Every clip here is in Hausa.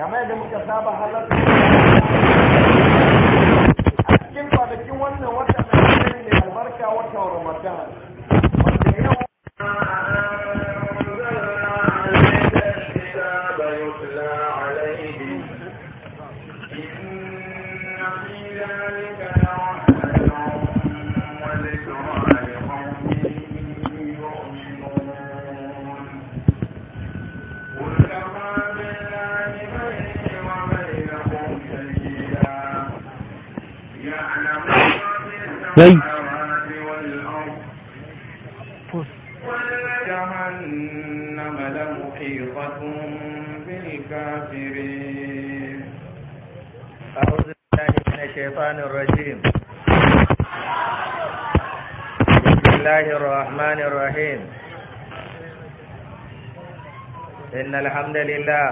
kamar yadda muka saba halarta a cikin kwanakin wannan wata da ne albarka wata ramadan كي جهنم لمحيطة بالكافرين أعوذ بالله من الشيطان الرجيم بسم الله الرحمن الرحيم إن الحمد لله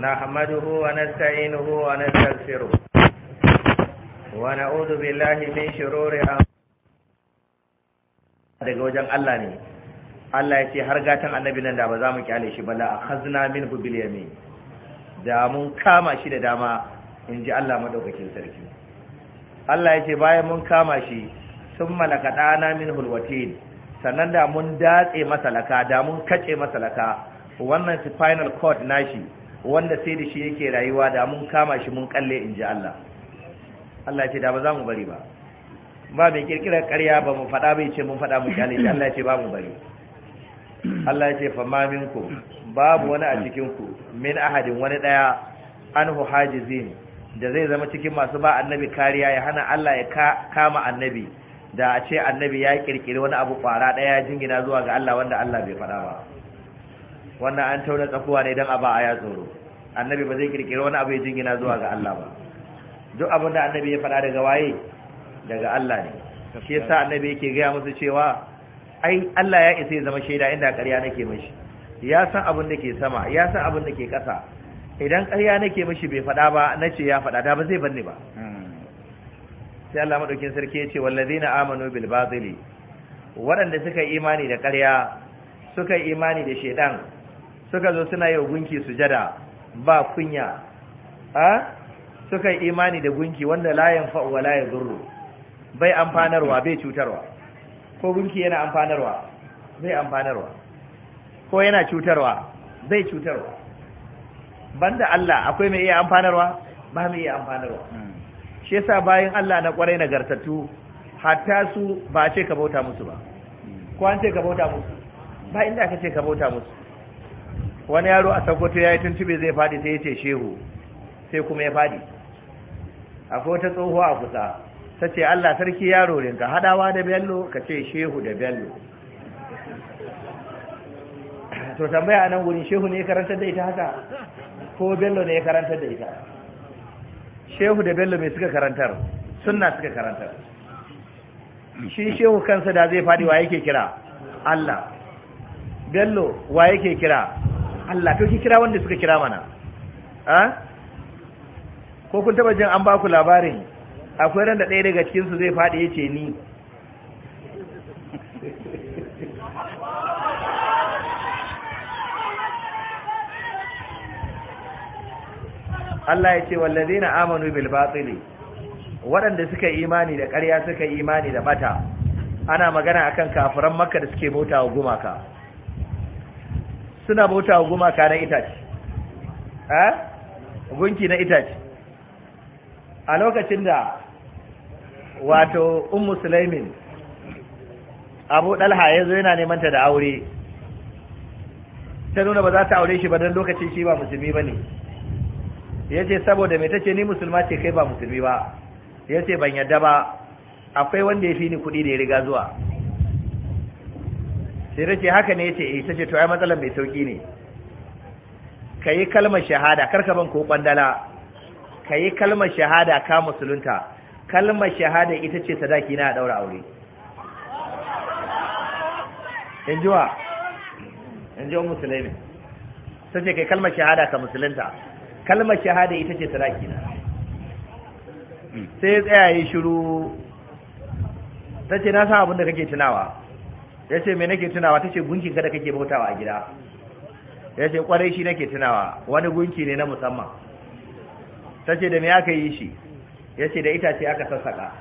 نحمده ونستعينه ونستغفره ونعوذ بالله من شرور daga wajen Allah ne Allah ya ce har gatan annabi nan da ba za mu kyale shi ba la akhazna min bil yamin da mun kama shi da dama in ji Allah madaukakin sarki Allah ya ce bayan mun kama shi sun malaka dana minhu alwatin sannan da mun datse masalaka da mun kace masalaka wannan final court nashi wanda sai da shi yake rayuwa da mun kama shi mun kalle in ji Allah Allah ce da ba za mu bari ba ba mai kirkirar ƙarya ba mu faɗa bai ce mun faɗa mu kyale shi Allah ce ba mu bari Allah ce fa ma minku babu wani a cikin ku min ahadin wani daya an hajizin da zai zama cikin masu ba annabi kariya ya hana Allah ya kama annabi da a ce annabi ya kirkiri wani abu kwara daya jingina zuwa ga Allah wanda Allah bai faɗa ba wannan an tauna tsakuwa ne dan a ba Aya ya tsoro annabi ba zai kirkiri wani abu ya jingina zuwa ga Allah ba duk abin da annabi ya faɗa daga waye daga Allah ne shi yasa annabi yake gaya musu cewa ai Allah ya isa ya zama shaida inda ƙarya nake mishi ya san abin da ke sama ya san abin da ke ƙasa idan ƙarya nake mishi bai faɗa ba na ce ya faɗa da ba zai ni ba hmm. sai Allah madaukin sarki ya ce wallazina amanu bil batili waɗanda suka yi imani da ƙarya suka yi imani da shaidan suka zo suna yi gunki sujada ba kunya ha ah? suka yi imani da gunki wanda layin fa'uwa wa layin zurru bai amfanarwa bai cutarwa ko gunki yana amfanarwa bai amfanarwa ko yana cutarwa bai cutarwa banda Allah akwai mai iya amfanarwa ba mai iya amfanarwa hmm. shi yasa bayan Allah na kwarai nagartattu hatta su ba ce ka bauta musu ba hmm. ko an ce ka bauta musu ba inda aka ce ka bauta musu wani yaro a ya yayi tuntube zai fadi sai ya ce shehu sai kuma ya fadi akwai wata tsohuwa a kusa ta ce Allah sarki yaro rinka ka hadawa da bello ka ce shehu da bello to tambaya a nan wurin shehu ne ya karanta da ita haka ko bello ne ya karanta da ita shehu da bello mai suka karantar sunna suka karantar shi shehu kansa da zai faɗi wa yake kira Allah bello wa yake kira Allah to ki kira wanda suka kira mana ah? ko kun taba jin an ba ku labarin akwai ran da ɗaya daga cikinsu zai faɗi yace ni Allah ya ce wallazi na amanu bil batili waɗanda suka imani da ƙarya suka imani da bata ana magana akan kafiran makka da suke bauta gumaka suna bauta gumaka na itace eh gunki na itace a lokacin da wato Un Musulmin abu dalha ya zo yana neman ta da aure ta nuna ba za ta aure shi ba don lokacin shi ba musulmi ba ne ya ce saboda mai tace ni musulma ce kai ba musulmi ba ya ce ban yadda ba akwai wanda ya fi ni kuɗi da ya riga zuwa sai ta ce haka ne ya ce eh ta ce to ai matsalar mai sauƙi ne ka yi kalmar shahada kar ka ban ko kwandala ka yi kalmar shahada ka musulunta kalmar shahada ita ce sadaki na daura aure in ji wa in ji wa musulmi ta ce kai kalmar shahada ka musulunta kalmar shahada ita ce sadaki na sai tsaya yi shiru ta ce na san abin da kake tunawa ya ce me nake tunawa ta ce gunkin ka kake bautawa a gida ya ce kwarai shi nake tunawa wani gunki ne na musamman ta ce da me aka yi shi ya ce da itace aka sassaƙa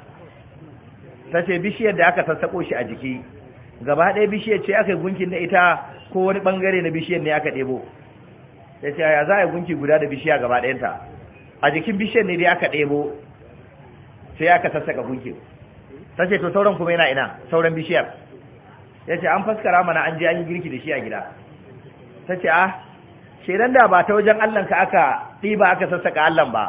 ta ce bishiyar da aka sassaƙo shi a jiki gaba ɗaya bishiyar ce aka yi gunkin da ita ko wani ɓangare na bishiyar ne aka ɗebo ya ce ya za a yi gunki guda da bishiya gaba ɗayanta a jikin bishiyar ne dai aka ɗebo sai aka sassaƙa gunkin ta ce to sauran kuma yana ina sauran bishiyar ya ce an faskara mana an je an yi girki da shi a gida ta ce ah nan da ba ta wajen Allah ka aka ba aka sassaka Allah ba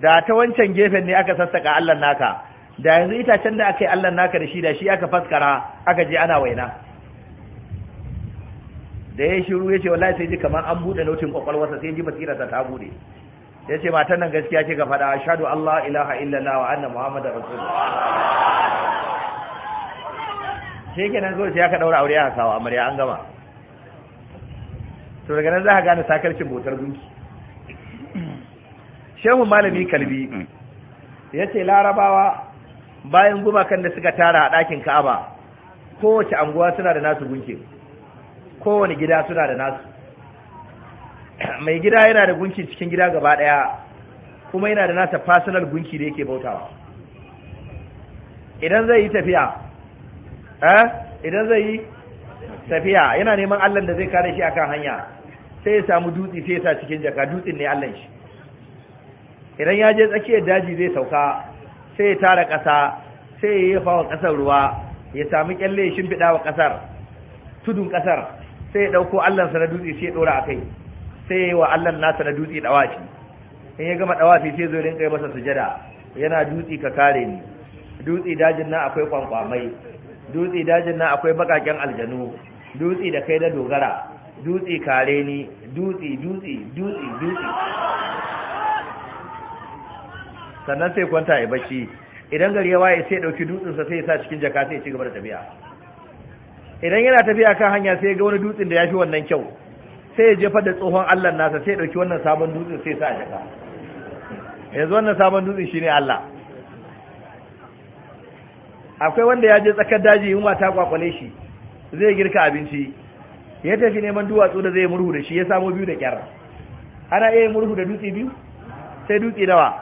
da ta wancan gefen ne aka sassaka Allah naka da yanzu itacen da aka yi Allah naka da shi da shi aka faskara aka je ana waina da ya shiru ya ce wa sai ji kamar an buɗe notin kwakwalwarsa sai ji basirarsa ta buɗe ya ce matan nan gaskiya ce ga faɗa ashadu Allah ilaha illallah wa anna Muhammadu rasulullah shi kenan sai aka ɗaura aure aka kawo amarya an gama to daga nan za ka gane sakarkin bautar gunki shehu malami kalbi ya ce larabawa bayan gumakan da suka tara a ɗakin ka'aba kowace anguwa suna da nasu gunki kowane gida suna da nasu mai gida yana da gunki cikin gida gaba ɗaya kuma yana da nasa personal gunki da yake bautawa idan zai yi tafiya eh idan zai yi tafiya yana neman Allah da zai kare shi kan hanya sai ya samu dutse sai ya sa cikin jaka dutsen ne Allah shi idan ya je tsakiyar daji zai sauka sai ya tara ƙasa sai ya yi wa ƙasar ruwa ya samu kyalle ya shimfiɗa wa ƙasar tudun ƙasar sai ya ɗauko allansa na dutse sai ya ɗora a kai sai ya yi wa allan nasa na dutse ɗawafi in ya gama ɗawafi sai zo rinƙa masa sujada yana dutse ka kare ni dutse dajin nan akwai kwankwamai dutse dajin nan akwai bakaken aljanu dutse da kai da dogara dutse kare ni dutse dutse dutse dutse sannan sai kwanta ya bacci idan gari ya waye sai dauki dutsinsa sai ya sa cikin jaka sai ya ci gaba da tafiya idan yana tafiya kan hanya sai ya ga wani dutsen da ya fi wannan kyau sai ya jefa da tsohon Allah nasa sai ya dauki wannan sabon dutsen sai ya sa a jaka yanzu wannan sabon dutsen shine Allah akwai wanda ya je tsakar daji yunwa ta kwakwale shi zai girka abinci ya tafi neman duwatsu da zai murhu da shi ya samo biyu da kyar ana iya murhu da dutse biyu sai dutse nawa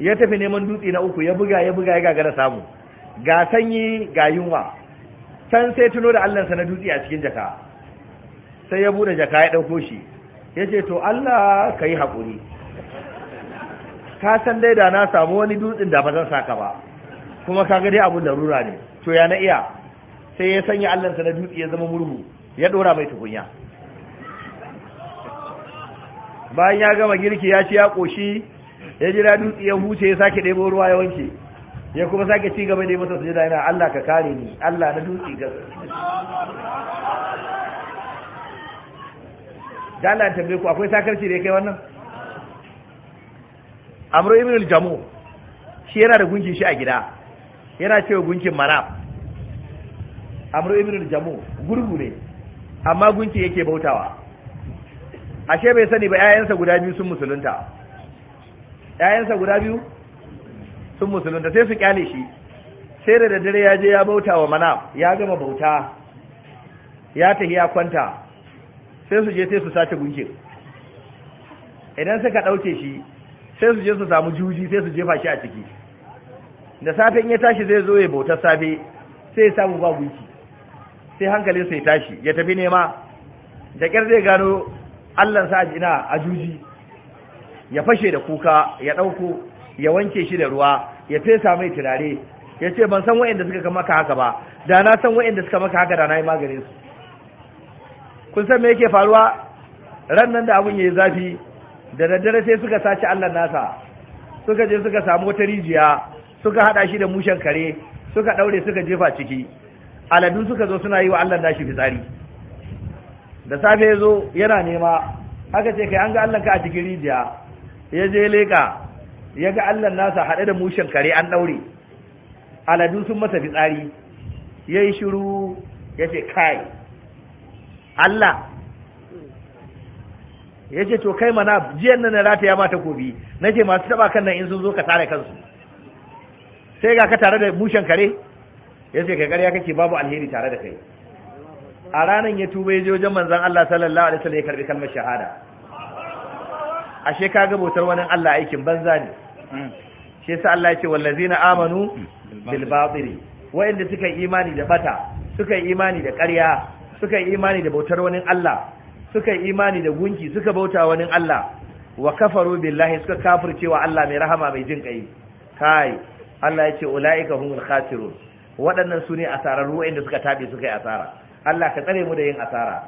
ya tafi neman dutse na uku ya buga ya buga ya gagara samu ga sanyi ga yunwa can sai tuno da allansa na dutse a cikin jaka sai ya bude jaka ya ɗauko shi ya ce to allah ka yi haƙuri ka san dai da na samu wani dutsen da ba zan saka ba kuma ka ga dai abun rura ne to ya na iya sai ya sanya allansa na dutse ya zama murhu ya dora mai tukunya bayan ya gama girki ya ci ya koshi ya jira dutse ya huce ya sake ɗebo ruwa ya wanke ya kuma sake ci gaba da masa sujada yana Allah ka kare ni Allah na dutse ga dala ta ku akwai sakarci da ya kai wannan amru ibn al-jamu shi yana da gunkin shi a gida yana cewa gunkin Marab amru ibn al-jamu gurgu ne amma gunki yake bautawa ashe bai sani ba ƴaƴansa guda biyu sun musulunta ƴaƴansa guda biyu sun musulunta sai su kyale shi sai da dare ya je ya bauta wa mana ya gama bauta ya tafi ya kwanta sai su je sai su sace gunkin idan suka ɗauke shi sai su je su samu juji sai su jefa shi a ciki da safe in ya tashi zai zo ya bautar safe sai ya samu ba gunki sai hankalinsa ya tashi ya tafi nema da ƙyar zai gano allansa a jina a juji ya fashe da kuka ya ɗauko ya wanke shi da ruwa ya fesa mai turare ya ce ban san da suka maka haka ba da na san da suka maka haka da na yi maganin su kun san me yake faruwa ran nan da abun ya yi zafi da daddare sai suka sace allah nasa suka je suka samu wata rijiya suka haɗa shi da mushen kare suka ɗaure suka jefa ciki aladu suka zo suna yi wa Allah nashi fitsari da safe ya zo yana nema aka ce kai an ga Allah ka a cikin rijiya ya je leka ya ga Allah nasa haɗe da mushen kare an ɗaure aladu sun masa fitsari ya yi shiru ya ce kai Allah ya ce to kai mana jiyan nan na rataya mata kobi na ce masu taba kan nan in sun zo ka tare kansu sai ga ka tare da mushen kare ya ce kai ƙarya kake babu alheri tare da kai a ranar ya tuba ya je wajen manzan Allah sallallahu alaihi wasallam ya karbi kalmar shahada ashe ka ga bautar wani Allah aikin banza ne shi yasa Allah ya ce wallazina amanu bil batili wa'anda suka yi imani da bata suka yi imani da ƙarya suka yi imani da bautar wani Allah suka yi imani da gunki suka bauta wani Allah wa kafaru billahi suka kafircewa Allah mai rahama mai jin kai kai Allah ya ce ulaika humul khasirun waɗannan su ne asarar ruwa suka tabi suka yi asara Allah ka tsare mu da yin asara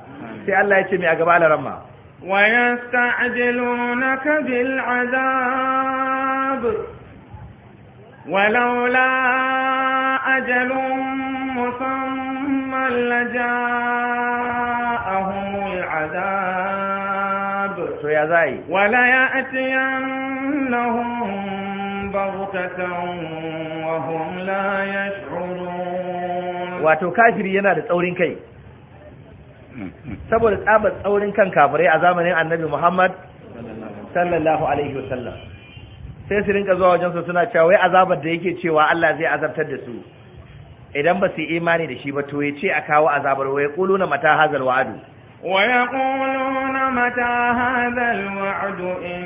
sai Allah ya ce mai a gaba da ramma wa yasta'jilunaka bil azab laula ajalun musamman laja'ahum al azab to ya zai wala ya atiyannahum بغتة وهم لا يشعرون واتو كافر ينا تورين كي saboda tsabar tsaurin kan kafirai a zamanin annabi Muhammad الله عليه وسلم sai su rinka zuwa wajen su suna cewa wai azabar da yake cewa Allah zai azabtar da su idan ba su yi imani da shi ba to ya ce a kawo azabar wai kulu na mata hazal wa'adu wa yaquluna mata hadha wadu in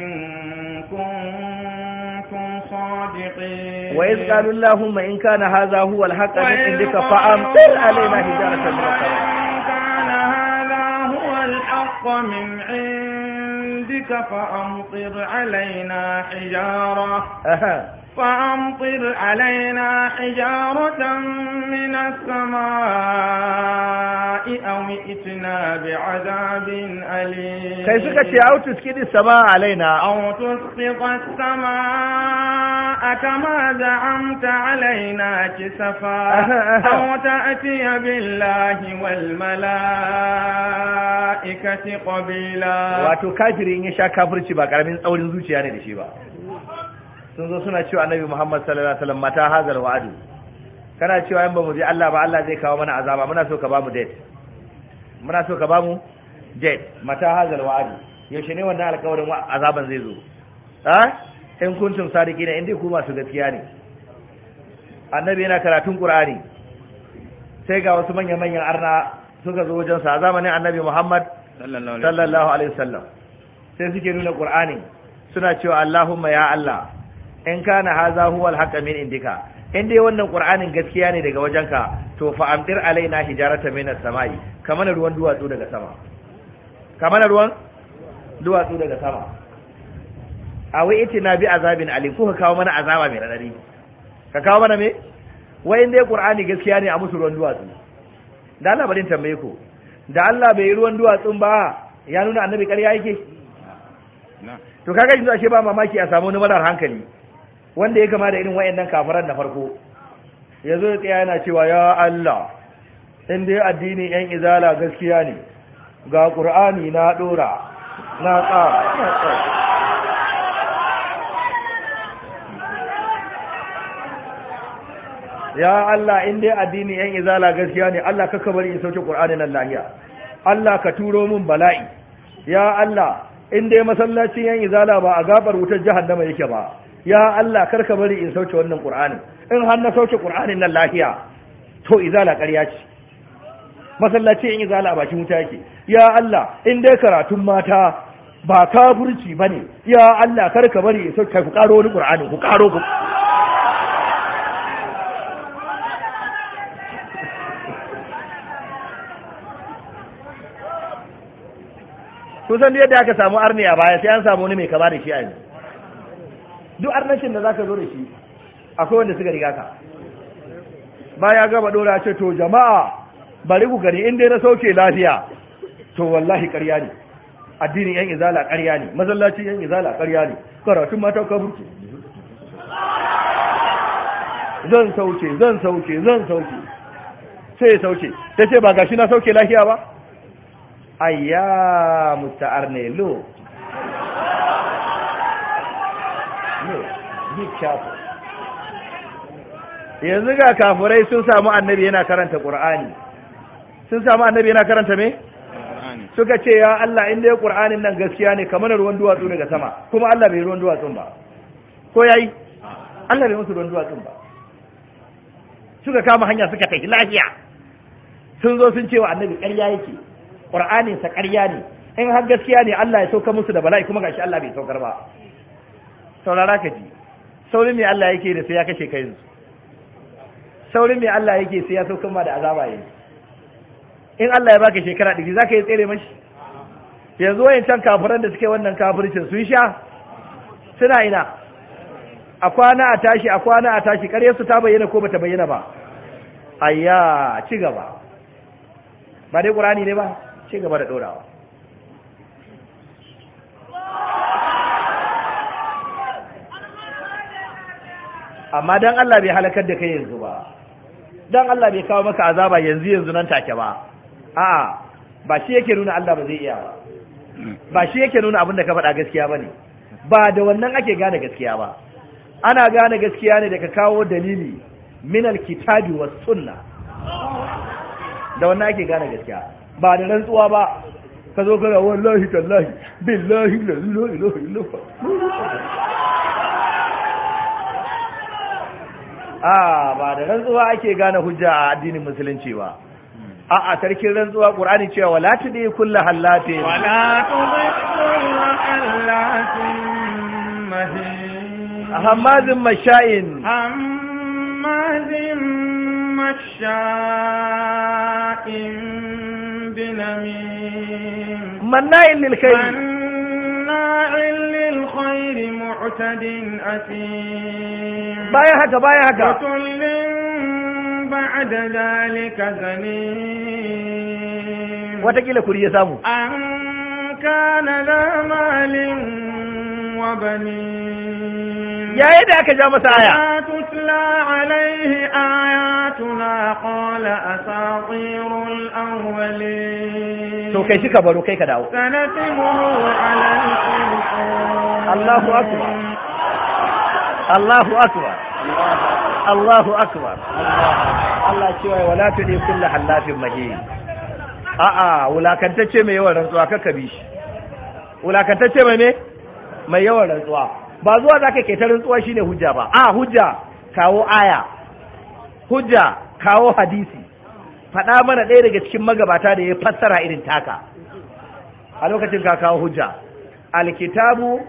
kuntum وإذ قالوا اللهم إن كان هذا هو الحق من عندك فأمطر علينا حجارة من السماء كان هذا هو الحق من عندك فأمطر علينا حجارة أه. فأمطر علينا حجارة من السماء أو ائتنا بعذاب أليم كيف أو تسقط السماء علينا أو تسقط السماء كما زعمت علينا كسفا أو تأتي بالله والملائكة قبيلا واتو كافر إن يشاء كافر تبا كرمين أول نزوج يعني لشيبا sun zo suna cewa annabi Muhammad sallallahu alaihi wasallam mata hazal wa'adu kana cewa in ba mu je Allah ba Allah zai kawo mana azaba muna so ka ba mu date muna so ka ba mu date mata hazal wa'adu yaushe ne wannan alƙawarin azaban zai zo ha ah? in kuntum sadiqina in dai ku masu gaskiya ne annabi yana karatun qur'ani sai ga wasu manyan manyan arna suka zo wajen sa zamanin annabi Muhammad sallallahu alaihi wasallam sai suke nuna qur'ani suna cewa Allahumma ya Allah in kana haza huwal haqa min indika in dai wannan qur'anin gaskiya ne daga wajenka to fa amdir alaina hijarata min as-sama'i kamar ruwan duwatsu daga sama kamar ruwan duwatsu daga sama a wai ita na bi azabin alim kuka kawo mana azaba mai radari ka kawo mana me wai in dai qur'ani gaskiya ne a musu ruwan duwatsu da Allah bari tambaye ku da Allah bai yi ruwan duwatsun ba ya nuna annabi ƙarya yake to kaga yanzu ashe ba mamaki a samu wani marar hankali wanda ya kama da irin wayannan kafaran na farko ya zo ya tsaya yana cewa ya Allah in dai addini yan izala gaskiya ne ga ƙur'ani na ɗora na tsara ya Allah in dai addini yan izala gaskiya ne Allah ka bari in sauke Qur'ani nan lahiya Allah ka turo mun bala'i ya Allah in dai masallacin yan izala ba a gabar wutar jahannama yake ba ya Allah karka bari in sauke wannan qur'anin in har na sauke qur'anin nan lafiya to izala ƙarya ce masallaci in izala a bakin wuta yake ya Allah in dai karatun mata ba kafirci bane ya Allah karka bari in sauke ku karo wani qur'ani ku karo ku kusan da yadda aka samu arni a baya sai an samu wani mai kama da shi a yanzu duk arnashin da zaka zo da shi akwai wanda suka riga ka baya gaba dora ce to jama'a bari ku gani in dai na sauke lafiya to wallahi ƙarya ne addinin yan izala ƙarya ne mazallaci yan izala ƙarya ne karatun mata burke. zan sauke zan sauke zan sauke sai sauke ta ce ba gashi na sauke lafiya ba ayya musta'ar ne be yanzu ga kafurai sun samu annabi yana karanta qur'ani sun samu annabi yana karanta me suka ce ya Allah inda ya qur'anin nan gaskiya ne kamar ruwan duwatsu daga sama kuma Allah bai ruwan duwatsun ba ko yayi Allah bai musu ruwan duwatsun ba suka kama hanya suka kai lafiya sun zo sun ce wa annabi ƙarya yake qur'anin sa ƙarya ne in har gaskiya ne Allah ya sauka musu da bala'i kuma gashi Allah bai saukar ba saurara ka ji saurin mai Allah yake da sai ya kashe ka yanzu saurin mai Allah yake sai ya so kuma da azaba yanzu in Allah ya baka shekara ɗari za ka yi tsere mashi yanzu wayancan kafiran da suke wannan kafircin sun sha suna ina a kwana a tashi a kwana a tashi ƙarya su ta bayyana ko bata bayyana ba ayya ci gaba ba dai ƙurani ne ba ci gaba da ɗorawa amma dan Allah bai halakar da kai yanzu ba dan Allah bai kawo maka azaba yanzu yanzu nan take ba a'a ba shi yake nuna Allah ba zai iya ba ba shi yake nuna abin da ka faɗa gaskiya ba ne ba da wannan ake gane gaskiya ba ana gane gaskiya ne da ka kawo dalili min alkitabi was sunna da wannan ake gane gaskiya ba da rantsuwa ba ka zo kana wallahi tallahi billahi la ilaha illallah a ba da rantsuwa ake gane hujja a addinin musulunci ba a a tarkin rantsuwa qur'ani cewa wala tudi kullu hallatin wala tudi kullu hallatin mahin hamazin mashayin hamazin mashayin binamin manna'in lil khair مناع للخير معتد أثيم بايا هكا بايا هكا وكل بعد ذلك زنيم وتكيل كوريا سامو أن كان ذا مال وبنين يا إذا كجا مسايا ما تتلى عليه آياتنا قال أساطير الأولين تو كي شكا برو كي كداو سنتمه على القرآن الله أكبر الله أكبر الله أكبر الله شوي ولا تدي كل حلاف مهين a'a wulakantacce mai yawan rantsuwa kakka bi shi wulakantacce mai ne mai yawan rantsuwa ba zuwa za ka keta rantsuwa shine hujja ba a hujja kawo aya hujja kawo hadisi faɗa mana ɗaya daga cikin magabata da ya fassara irin taka a lokacin ka kawo hujja alkitabu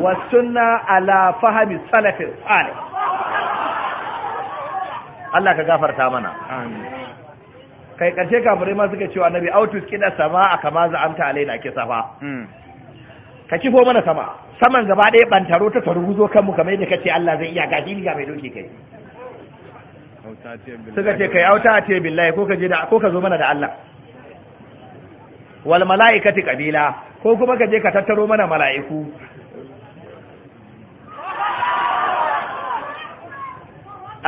wa sunna ala fahmi salafin salih Allah ka gafarta mana kai karshe kafirai ma suka cewa bi autus kida sama a kama za amta alaina kisafa hmm. ka kifo mana sama saman gaba ɗaya bantaro ta taruguzo kanmu kamar yadda kace Allah zai iya gashi ga mai doki kai suka ce kai auta ce billahi ko ka je da ko ka zo mana da Allah wal malaikati kabila ko kuma ka je ka tattaro mana mala'iku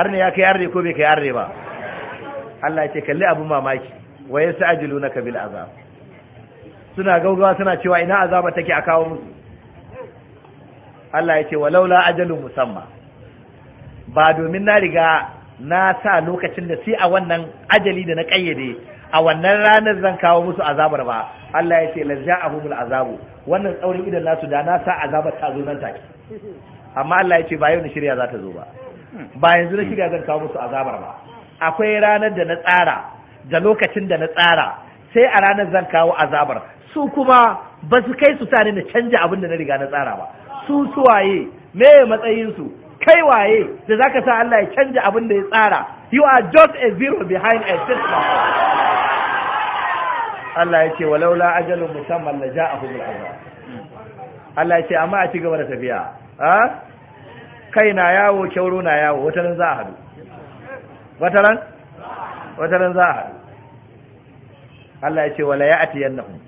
arne ya kai arne ko bai kai arne ba Allah ya ce kalli abun mamaki wa yasta'jilunaka bil azab suna gaugawa suna cewa ina azaba take a kawo musu Allah ya ce walaula ajalun musamma ba domin na riga na sa lokacin da sai a wannan ajali da na kayyade a wannan ranar zan kawo musu azabar ba Allah ya ce lazja'ahumul azabu wannan tsaurin idan nasu da na sa azabar ta zo nan take amma Allah ya ce ba yau ne shirya za ta zo ba ba yanzu na shirya zan kawo musu azabar ba akwai ranar da na tsara da lokacin da na tsara sai a ranar zan kawo azabar su kuma ba su kai su tare na canja abin da na riga na tsara ba su suwaye me matsayinsu kai waye da zaka sa Allah ya canja abin da ya tsara you are just a zero behind a system Allah ya ce walaula ajalun musamman la ja'ahum al-azab Allah ya ce amma a ci gaba da tafiya ha kai na yawo kyauro na yawo wataran za a hadu wataran wataran za a hadu Allah ya ce wala ya'tiyannahum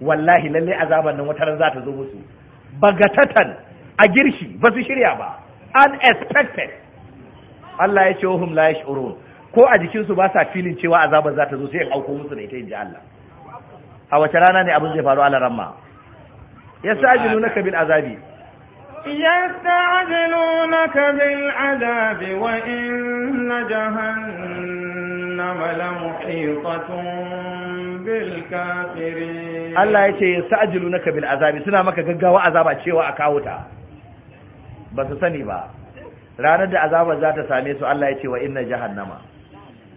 wallahi lalle azaban nan wata ran za ta zo musu bagatatan a girshi ba su shirya ba unexpected Allah ya ce wahum oh, la yash'urun ko a jikin su ba sa filin cewa azaban za ta zo sai in auko musu da ita inji Allah a wace rana ne abin zai faru ala ramma yasajilunaka bil azabi azabi wa inna jahannama lamuhitatun Allah ya ce الله يتي يستعجلونك azabi suna maka gaggawa azaba cewa a kawo ta ba su sani ba ranar da azabar za ta same su Allah ya ce wa inna jahannama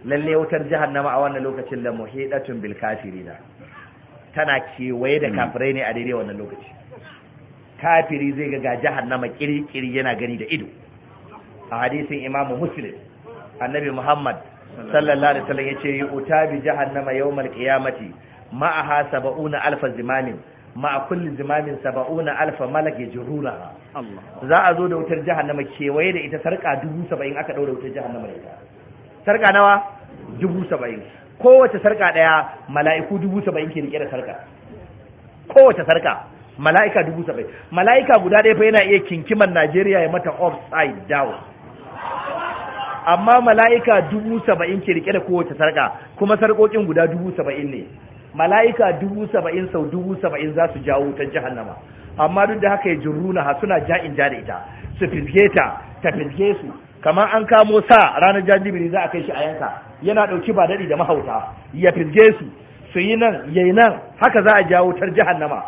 lalle wutar jahannama a wannan lokacin la muhidatun bil kafirina tana kewaye da hmm. kafirai ne a daidai wannan lokaci kafiri zai ga ga jahannama kirkiri yana gani da ido a hadisin imamu muslim annabi muhammad sallallahu alaihi wasallam yace uta bi jahannama yawmal qiyamati ma'aha sab'una alf zimamin ma'a kulli zimamin sab'una alf malak yajruna za a zo da wutar jahannama kewaye da ita sarka 70 aka daura wutar jahannama da ita sarka nawa 70 kowace sarka daya mala'iku 70 ke rike da sarka kowace sarka mala'ika 70 mala'ika guda daya fa yana iya kinkiman Najeriya ya mata offside down amma mala'ika dubu saba'in ke rike da kowace sarka kuma sarkokin guda dubu saba'in ne mala'ika dubu saba'in sau dubu saba'in za su jawo ta jahannama amma duk da haka ya jirruna ha suna ja'in ja da ita su firge ta ta su kamar an kamo sa ranar jajibiri za a kai shi a yanka yana ɗauki ba daɗi da mahauta ya firge su su yi nan ya yi nan haka za a jawo tar jahannama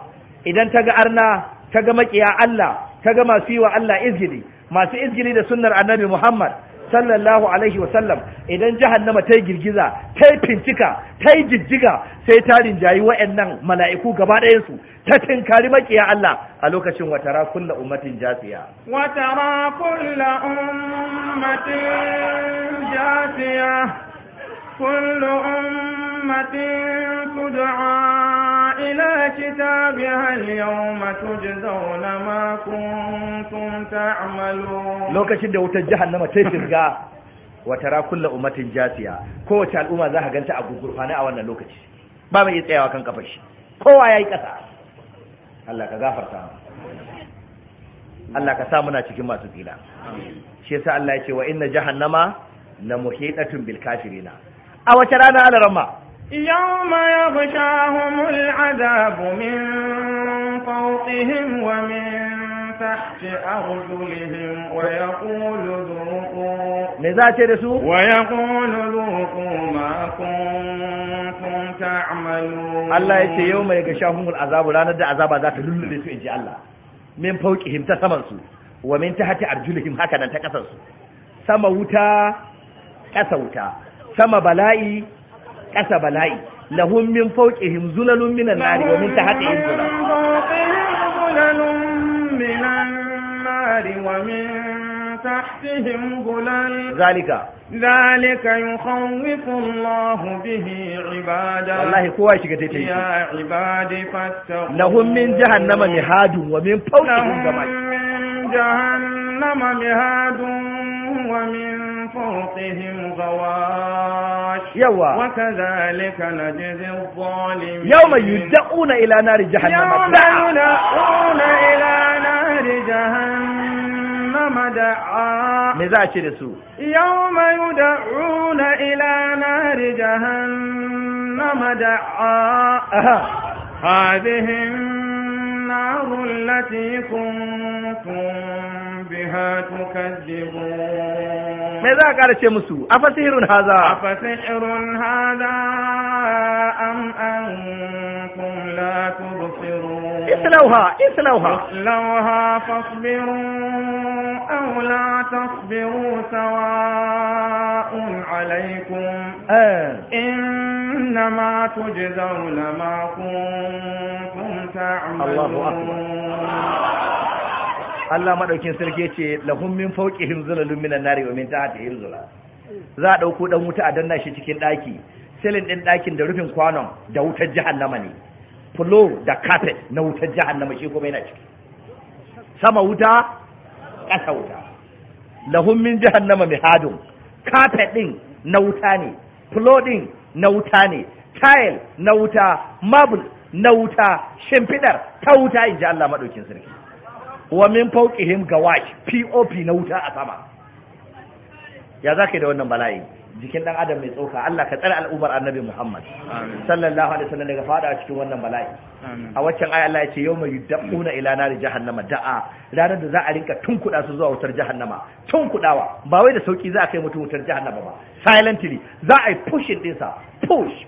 idan ta ga arna ta ga maƙiya Allah ta ga masu yi wa Allah izgili masu izgili da sunnar annabi Muhammad sallallahu alaihi wa sallam idan jahannama ta yi girgiza ta yi fincika ta yi jijjiga sai ta rinjayi wa'annan mala'iku gaba ɗayan su ta tinkari makiya Allah a lokacin wa tara kulla ummatin jasiya wa tara kulla ummatin jasiya كل أمة تدعى إلى كتابها اليوم تجزون ما كنتم تعملون لو كشد وتجه وتجهنم تشرقا وترى كل أمة جاسية كوة الأمة ذاها قلت أبو قرفانا أولا لو كشد بابا يتعيوا كان كفش كوة يا إكتا الله كغافر تعالى Shi كسامنا Allah ya ce wa inna jahannama إن جهنم لمحيطة بالكافرين a wace rana ala ramma yau ma ya adabu min fauƙihin wa min tafi a hujjulihin wa ya ƙunlu zuwa mai za ce da su wa ya ƙunlu zuwa kuma kun ta Allah ya ce yau mai ga sha azabu ranar da azaba za ta lullule su in ji Allah min fauƙihin ta samansu wa min ta hati a hujjulihin haka nan ta ƙasarsu sama wuta ƙasa wuta sama bala'i ƙasa bala'i lahum min fawqihim zulalun minan nar wa min tahtihim zalika zalika yukhawwifu wallahi yi jahannama wa min fawqihim jahannama فوقهم غواش يوا وكذلك نجزي الظالمين يوم يدعون إلى نار جهنم يوم يدعون إلى نار جهنم دعا me رسول يوم يدعون إلى نار جهنم yud'una ila هذه النار التي كنتم Me za a ƙara ce musu, a fasi irin haza, a fasi irin haza, an an kula ku bufiru. Isilauha, isilauha, lauha fasbiru, aula tasbiru tawa un alaikun, in na ma tu ji zaunama kun kun ta’amalu. Allah madaukin sarki ce lahum min fawqihim zulalun minan nari wa min tahtihim zulal za a dauko dan wuta a danna shi cikin daki silin din dakin da rufin kwanon da wutar jahannama ne floor da carpet na wutar jahannama shi kuma yana ciki sama wuta kasa wuta lahum min jahannama mihadun carpet din na wuta ne floor din na wuta ne tile na wuta marble na wuta shimfidar ta wuta in ji Allah madaukin sarki wa min fawqihim gawaki pop na wuta a sama ya zaka da wannan bala'i jikin dan adam mai tsoka Allah ka tsare al'ummar annabi Muhammad sallallahu alaihi wasallam daga fada cikin wannan bala'i a waccan aya Allah ya ce yawma yudabuna ila nar jahannama da'a ranar da za a rinka tunkuda su zuwa wutar jahannama tunkudawa ba wai da sauki za a kai mutum wutar jahannama ba silently za a yi pushing din sa push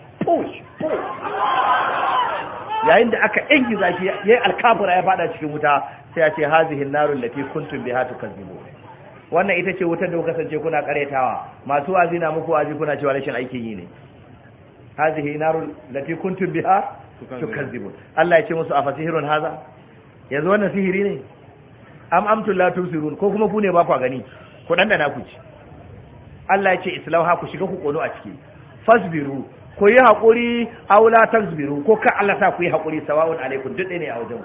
yayin da aka ingiza shi yi alkafura ya fada cikin wuta sai ya ce da fi kuntun lati hatu kan tukazzibun wannan ita ce wutar da kuka kasance kuna karetawa masu wazi na muku wazi kuna cewa rashin aikin yi ne da fi kuntun lati hatu kan tukazzibun Allah ya ce musu a fasihirun haza yanzu wannan sihiri ne am amtul la tusirun ko kuma ku ne ba ku gani ku dan da na ku ci Allah ya ce islam ha ku shiga ku kono a ciki fasbiru ku yi haƙuri a aula zubiru ko ka Allah sa ku yi haƙuri sawa'un alaikun duk ne a wajen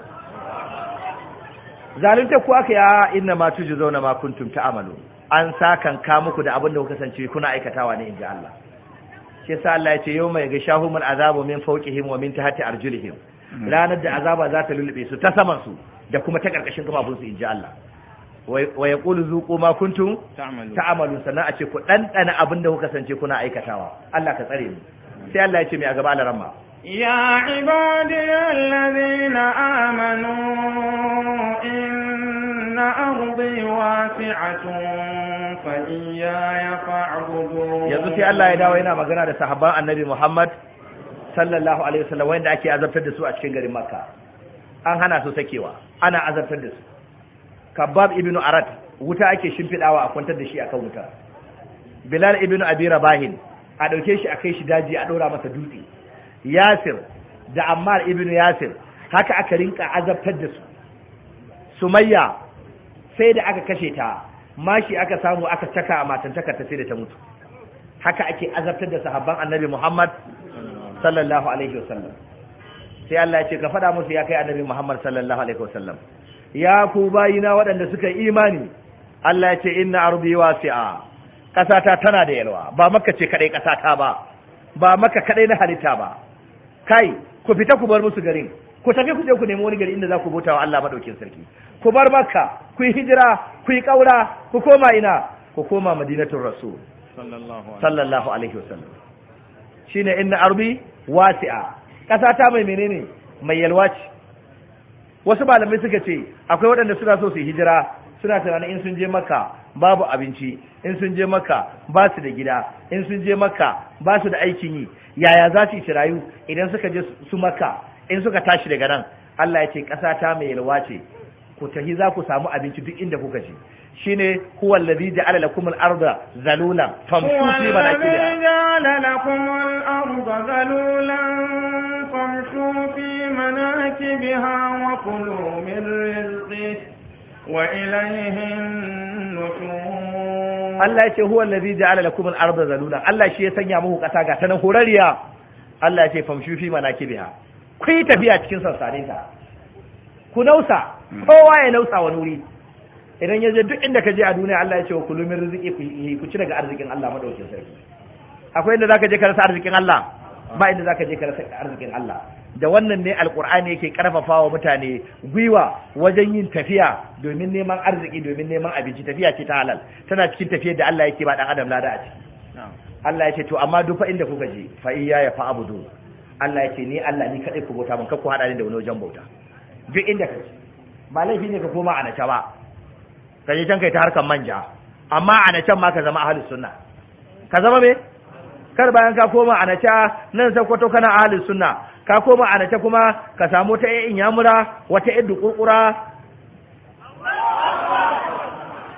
zalunta ku aka ya ah, inna ma zauna ma kuntum amalu an sa ka muku da abin da kuka kasance kuna aikatawa ne in ji Allah shi sa Allah ya ce shahu yaghshahumul azabu min fawqihim wa min tahti arjulihim hmm. ranar da azaba za ta lulube su ta saman su da kuma ta karkashin kafafun su in ji Allah wa ya zuqu ma kuntum ta'amalu sannan a ce ku ɗanɗana abin da kuka kasance kuna aikatawa Allah ka tsare mu sai Allah ya ce mai a gaba alaramma يا عبادي الذين آمنوا إن أرضي واسعة فإياي فاعبدون yanzu sai Allah ya dawo yana magana da sahabban Annabi Muhammad sallallahu alaihi wasallam wanda ake azabtar da su a cikin garin Makka an hana su sakewa ana azabtar da su Kabbab ibn Arad wuta ake shimfidawa a kwantar da shi akan wuta Bilal ibn Abi Rabahin a ɗauke shi a kai shi daji a ɗora masa dutse yasir da ammar ibn yasir haka aka rinka azabtar da su sumayya sai da aka kashe ta mashi aka samu aka caka a matantakar ta sai da ta mutu haka ake azabtar da sahabban annabi muhammad sallallahu alaihi wasallam sai Allah ya ce ka faɗa musu ya kai annabi muhammad sallallahu alaihi wasallam ya ku bayina waɗanda suka imani Allah ya ce inna arbi wasi'a ƙasata tana da yalwa ba maka ce kaɗai ƙasata ba ba maka kaɗai na halitta ba kai ku fita ku bar musu garin ku tafi ku je ku nemi wani gari inda za ku bauta wa Allah madaukin sarki ku bar maka, ku yi hijira ku yi ƙaura ku koma ina ku koma madinatul rasul sallallahu alaihi wasallam shine inna arbi wasi'a ƙasata mai menene mai yalwa ce wasu malamai suka ce akwai waɗanda suna so su yi hijira suna tunanin in sun je makka babu abinci in sun je maka ba su da gida in sun je maka ba su da aikin yi yaya za su yi rayu idan suka je su maka in suka tashi daga nan Allah ya ce ƙasa ta mai yalwa ce ku tahi za ku samu abinci duk inda kuka je shine huwa allazi ja'ala lakum al ardha zalulan famshu fi manakibiha wa kulu min rizqihi wa Allah ya ce huwa da ja'ala lakum al-ardha zalula Allah shi ya sanya muku kasa ga ta nan horariya Allah ya ce famshu fi manakibiha ku yi tafiya cikin sassare ta ku nausa kowa ya nausa wani wuri idan ya je duk inda ka je a duniya Allah ya ce wa kulu min rizqi ku ci daga arzikin Allah madaukin sarki akwai inda zaka je ka rasa arzikin Allah ba inda zaka je ka rasa arzikin Allah da wannan ne alkur'ani yake karfafa wa mutane gwiwa wajen yin tafiya domin neman arziki domin neman abinci tafiya ce ta halal tana cikin tafiyar da Allah yake ba dan adam lada a ciki Allah yake to amma duk fa inda kuka je fa iya ya fa abudu Allah yake ni Allah ni kadai ku bauta mun kakku hada ni da wani wajen bauta duk inda kake ba laifi ne ka koma a nace ba ka je can kai ta harkan manja amma a nace ma ka zama ahlus sunna ka zama me kar bayan ka koma a nace ah, nan sai kwato kana ahlus sunna ka koma a nace kuma ka samu ta yayin yamura wata yadda kurkura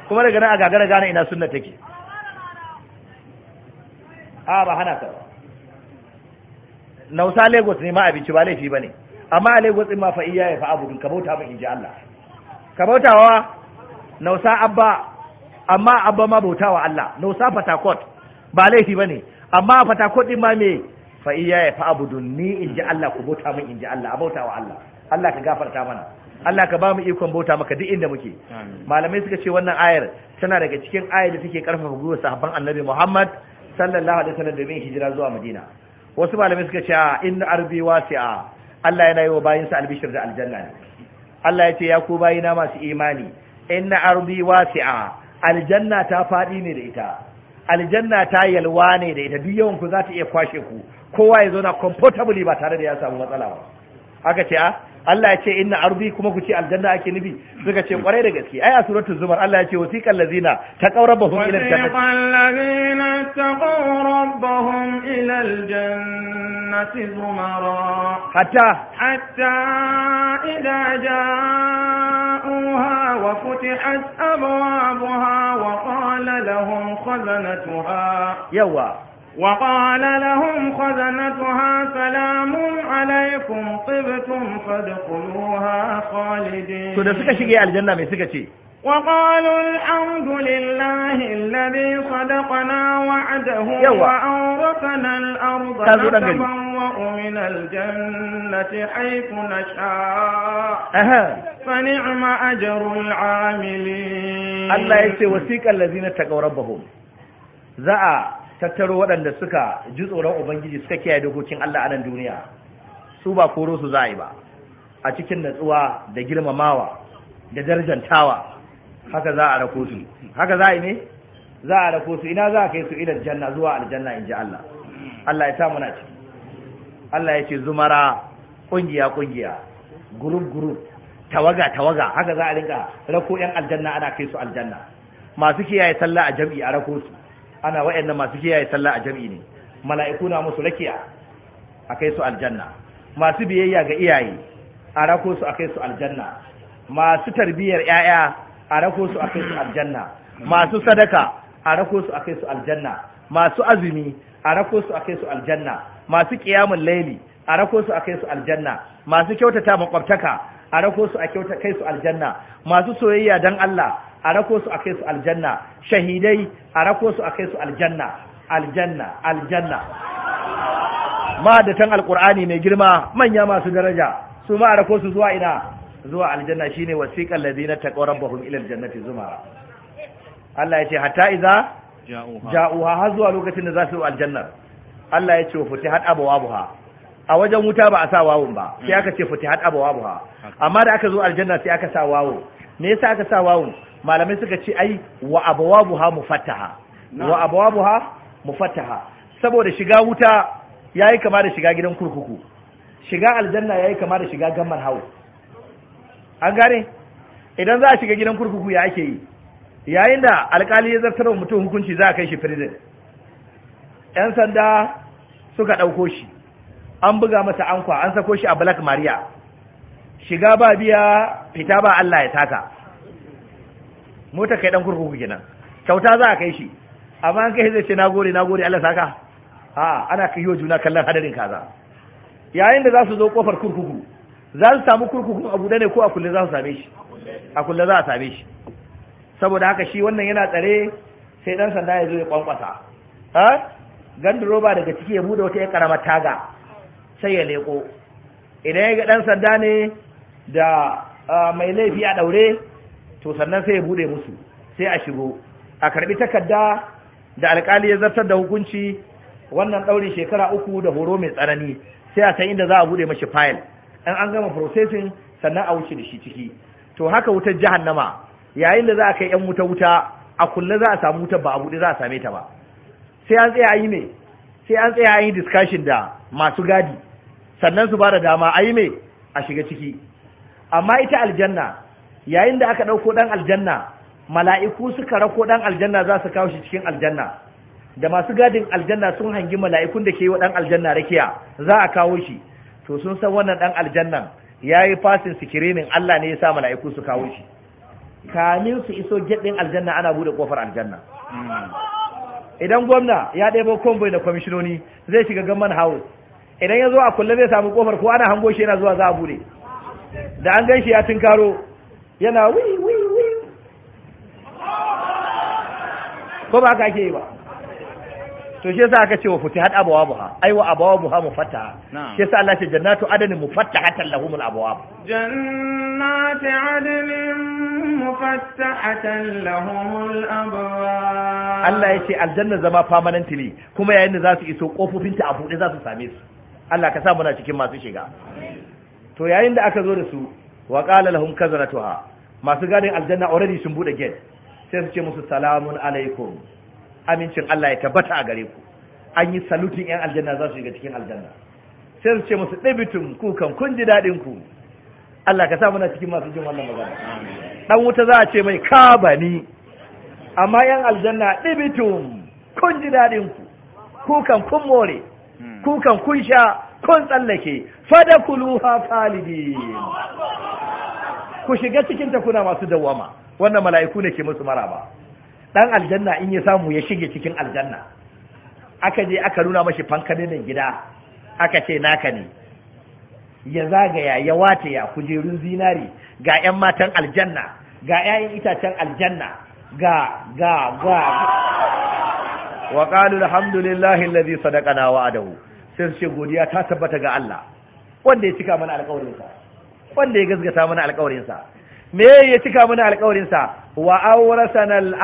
kuma daga nan a gagara gane ina sunna take a ba hana ka nausa lagos ne ma abinci ba laifi ba ne amma a lagos ma fa iya ya fa abu ka bauta in ji Allah ka bautawa nausa abba amma abba ma bautawa Allah nausa fatakot ba laifi ba ne amma fatakot din ma me fa iya ya fa'budun ni in ji Allah ku bauta min in ji Allah a bauta wa Allah Allah ka gafarta mana Allah ka ba mu ikon bauta maka duk inda muke malamai suka ce wannan ayar tana daga cikin ayar da take karfafa gwiwar sahabban Annabi Muhammad sallallahu alaihi wasallam domin hijira zuwa Madina wasu malamai suka ce a, in arbi wasi'a Allah yana yi wa bayinsa albishir da aljanna ne Allah ya ce ya ku bayina masu imani inna arbi wasi'a aljanna ta faɗi ne da ita aljanna ta yalwa ne da ita duk yawan ku za ta iya kwashe ku kowa ya zauna comfortably ba tare da ya samu matsala ba aka ce a ah, Allah ya ce inna ardi kuma ku ce aljanna ake nufi suka ce kwarai da gaske ai a suratul zumar Allah ya ce wasiqal ladzina taqarrabuhum ila aljannati wasiqal ladzina taqarrabuhum ila aljannati zumara hatta hatta idza ja'uha wa futihat abwabuha wa qala lahum khazanatuha yawa وقال لهم خزنتها سلام عليكم طبتم فادخلوها خالدين سودا سكا شيغي الجنة مي سكا شي وقالوا الحمد لله الذي صدقنا وعده وأورثنا الأرض نتبوأ من الجنة حيث نشاء أها. فنعم أجر العاملين الله يسي وسيك الذين اتقوا ربهم za a tattaro waɗanda suka ji tsoron ubangiji suka kiyaye dokokin Allah a nan duniya su ba koro su za a yi ba a cikin natsuwa da girmamawa da darjantawa, haka za a rako su haka za a yi ne za a rako su ina za a kai su ila janna zuwa aljanna in ji Allah Allah ya sa muna ciki Allah ya ce zumara kungiya kungiya group group tawaga tawaga haka za a rinka rako yan aljanna ana kai su aljanna masu kiyaye sallah a jam'i a rako su ana wa'annan masu kiyaye sallah a jami'i ne mala'iku na musu rakiya a kai su aljanna masu biyayya ga iyaye a rako su a kai su aljanna masu tarbiyyar 'ya'ya a rako su a kai su aljanna masu sadaka a rako su a kai su aljanna masu azumi a rako su a kai su aljanna masu qiyamul laili a rako su a kai su aljanna masu kyautata makwabtaka a rako su a kai su aljanna masu soyayya dan Allah a rako su a kai su aljanna shahidai a rako su a kai su aljanna aljanna aljanna ma'adatan alqur'ani mai girma manya masu daraja su ma a rako su zuwa ina zuwa aljanna shine wasiqal ladina taqaw rabbahum ila aljannati zumara Allah ya ce hatta idza ja'uha har zuwa lokacin da za su aljanna Allah ya ce futihat abwabuha a wajen wuta ba a sa wawun ba sai aka ce futihat abwabuha amma da aka zo aljanna sai aka sa wawo me yasa aka sa wawun malamai suka ce ai wa abawabuha mufattaha wa abawabuha mufattaha saboda shiga wuta yayi kama da shiga gidan kurkuku shiga aljanna yayi kama da shiga gamar hawo an gane idan za a shiga gidan kurkuku ya ake yi yayin da alkali ya zartar wa mutum hukunci za a kai shi prison yan sanda suka ɗauko shi an buga masa ankwa an sako shi a black maria shiga ba biya fita ba Allah ya taka motar kai dan kurkuku kenan kyauta za a kai shi amma an kai zai ce nagode nagode Allah saka a ana kiyo juna kallon hadarin kaza yayin da za su zo kofar kurkuku za su samu kurkuku abu da ne ko a kulle za su same shi a kulle za a same shi saboda haka shi wannan yana tsare sai dan sanda ya zo ya kwankwasa ha ganduroba daga ciki ya bude wata ya karama taga sai ya leko idan ya ga dan sanda ne da mai laifi a daure to sannan sai ya bude musu sai a shigo a karbi takarda da alkali ya zartar da hukunci wannan ɗaurin shekara uku da horo mai tsanani sai a san inda za a bude mashi fayil in an gama processing sannan a wuce da shi ciki to haka wutar jahannama yayin da za a kai yan wuta wuta a kulle za a samu wutar ba a bude za a same ta ba sai an tsaya yi me sai an tsaya yi discussion da masu gadi sannan su ba da dama ayi yi me a shiga ciki amma ita aljanna yayin da aka ɗauko ɗan aljanna mala'iku suka rako ɗan aljanna za su kawo shi cikin aljanna da masu gadin aljanna sun hangi mala'ikun da ke yi wa ɗan aljanna rakiya za a kawo shi to sun san wannan ɗan aljannan ya yi fasin sikirinin Allah ne ya sa mala'iku su kawo shi kamin su iso gyaɗin aljanna ana buɗe ƙofar aljanna idan gwamna ya ɗebo konvoy da kwamishinoni zai shiga gamman haus idan ya zo a kulle zai samu ƙofar ko ana hango shi yana zuwa za a buɗe da an gan shi ya tunkaro yana wi wi wi ko ba ka ke ba to shi yasa aka ce wa futihat abwabuha ai wa abwabuha mufattaha shi yasa Allah ce jannatu adnin mufattahatan lahumul abwab jannatu adnin mufattahatan lahumul abwab Allah yace aljanna zama permanently kuma yayin da za su iso kofofin ta a buɗe za su same su Allah ka sa muna cikin masu shiga to yayin da aka zo da su wa qala lahum kazanatuha masu gadin aljanna already sun bude gate sai su ce musu salamun alaikum amincin Allah ya tabbata a gare ku an yi salutin yan aljanna za su shiga cikin aljanna sai su ce musu ku kukan kun ji daɗin ku Allah ka sa muna cikin masu jin wannan magana dan wuta za a ce mai ni amma yan aljanna ɗabitum kun ji daɗin ku kukan kun more hmm. kukan kun sha kun tsallake fadakuluha khalidin ku shiga cikin ta kuna masu dawwama wannan mala'iku ne ke musu maraba dan aljanna in ya samu ya shige cikin aljanna aka je aka nuna mashi fankadinin gida aka ce naka ne ya zagaya ya wata ya kujerun zinari ga 'yan matan aljanna ga 'ya'yan itacen aljanna ga ga ga wa qalu alhamdulillahi alladhi sadaqana wa'adahu sai su ce godiya ta tabbata ga Allah wanda ya cika mana sa wanda ya gazgata mana alƙawarinsa me ya cika mana alkawarinsa wa awrasana al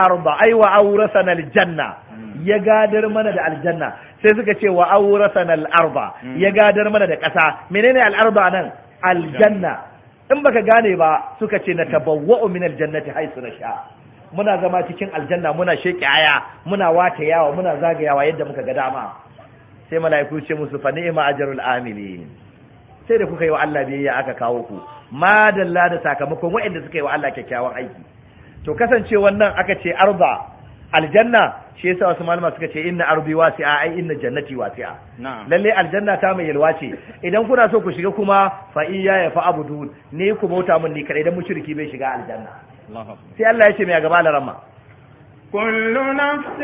ay wa awrasana al-janna hmm. ya gadar mana da aljanna sai suka ce wa awrasana al hmm. ya gadar mana da ƙasa menene al a nan aljanna in baka gane ba suka ce na tabawwa'u min aljannati haisu nasha muna zama cikin aljanna muna sheki aya muna wata yawa muna zagayawa yadda muka ga dama sai mala'iku ce musu fa ni'ma ajrul amilin sai da kuka yi wa Allah biyayya aka kawo ku dalla da sakamakon waɗanda suka yi wa Allah kyakkyawan aiki to kasance wannan aka ce arba aljanna shi yasa wasu malama suka ce inna arbi wasi'a ai inna jannati wasi'a lalle aljanna ta mai yalwa ce idan kuna so ku shiga kuma fa iya ya fa abudun ni ku bauta mun ni kada idan mushriki bai shiga aljanna sai Allah ya ce mai gaba كل نفس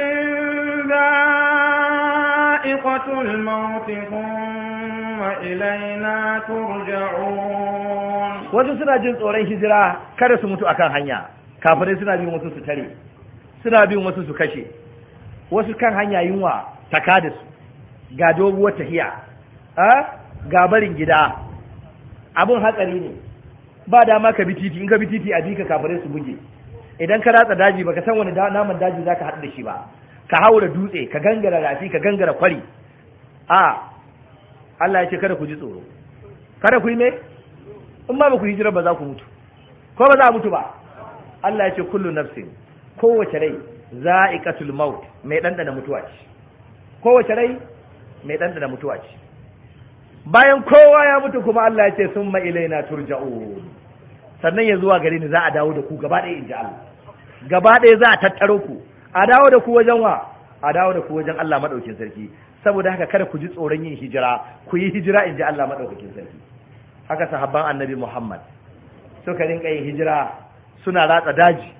ذائقة الموت ثم إلينا ترجعون wasu suna jin tsoron hijira kada su mutu akan hanya kafirai suna bin wasu su tare suna bin wasu su kashe wasu kan hanya yunwa ta da su ga doguwar tahiya ga barin gida Abun hatsari ne ba dama ka bi titi in ka bi titi a bi ka kafirai su buge idan ka ratsa daji baka san wani naman daji zaka haɗu da shi ba ka haura dutse ka gangara rafi ka gangara kwari a Allah ya ce kada ku ji tsoro kada ku yi me in ma ba ku hijira ba za ku mutu ko ba za a mutu ba Allah ya ce kullu nafsin kowace rai za'iqatul maut mai dandana mutuwa ce kowace rai mai dandana mutuwa ce bayan kowa ya mutu kuma Allah ya ce summa ilaina turja'un sannan ya zuwa gare ni za a dawo da ku gaba ɗaya in ji Allah gaba ɗaya za a tattaro ku a dawo da ku wajen wa a dawo da ku wajen Allah maɗaukin sarki saboda haka kada ku ji tsoron yin hijira ku yi hijira in ji Allah madaukakin sarki haka sahabban annabi Muhammad suka rinka yin hijira suna ratsa daji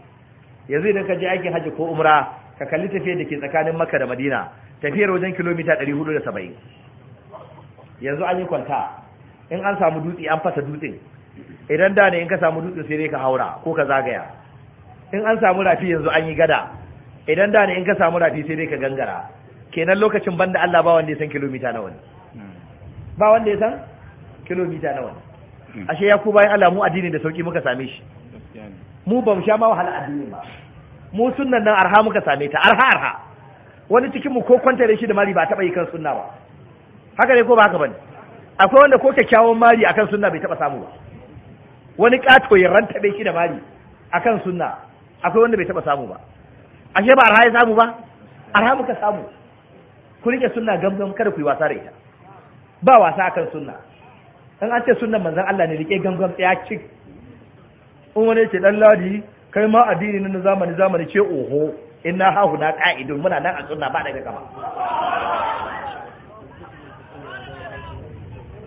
yanzu idan ka je aikin haji ko umra ka kalli tafiyar da ke tsakanin Makka da Madina tafiyar wajen kilomita da 470 yanzu an yi kwanta in an samu dutse an fasa dutse idan da ne in ka samu dutse sai dai ka haura ko ka zagaya in an samu rafi yanzu an yi gada idan da ne in ka samu rafi sai dai ka gangara kenan lokacin banda Allah ba wanda ya san kilomita nawa ne ba wanda ya san kilomita nawa ne ashe ya ku bayan Allah mu addini da sauki muka same shi mu ba mu sha ma wahala addini ba mu sunnan nan arha muka same ta arha arha wani cikin mu ko kwanta da shi da mari ba taba yi kan sunna ba haka ne ko ba haka bane akwai wanda ko kyakkyawan mari akan sunna bai taba samu ba wani kato ya rantabe shi da mari akan sunna akwai wanda bai taba samu ba ashe ba arha ya samu ba arha muka samu ku rike sunna gamgam kada ku yi wasa da ita ba wasa akan sunna in an ce sunnan manzon Allah ne rike gamgam tsaya cik in wani ce dan ladi kai ma addini na zamani zamani ce oho inna hahu na qa'idun muna nan a sunna ba daga kama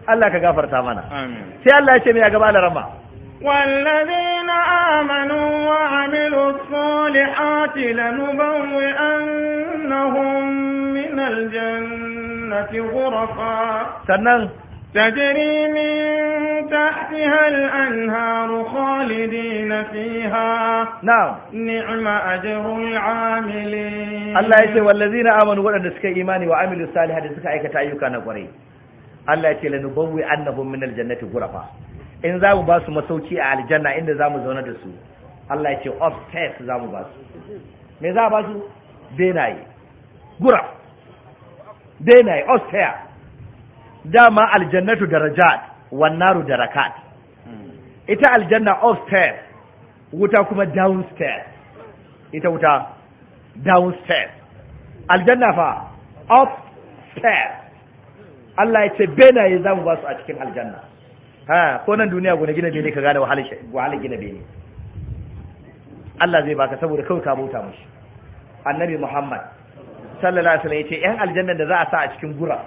Allah ka gafarta mana sai Allah ya ce mai a gaba da rama والذين آمنوا وعملوا الصالحات لنبوئنهم من الجنة غرفا سنن تجري من تحتها الأنهار خالدين فيها نعم نعم أجر العاملين الله يسي والذين آمنوا وأن نسك إيماني وعملوا الصالحات نسك أيك تأيوك أنا قريب الله يسي لنبوئنهم من الجنة غرفا in za mu ba su masauki a aljanna inda za mu zauna da su Allah ya ce upstairs za mu ba su me za ba su benaye gura benaye upstairs dama aljannatu darajat wan naru darakat ita aljanna upstairs wuta kuma downstairs ita wuta downstairs aljanna fa upstairs Allah ya ce benaye za mu ba su a cikin aljanna ha ko nan duniya gona gina bene ka gane wahalar wahalar gina bene Allah zai baka saboda kawai ka bauta mushi annabi Muhammad sallallahu alaihi wasallam yace ƴan aljanna da za a sa a cikin gura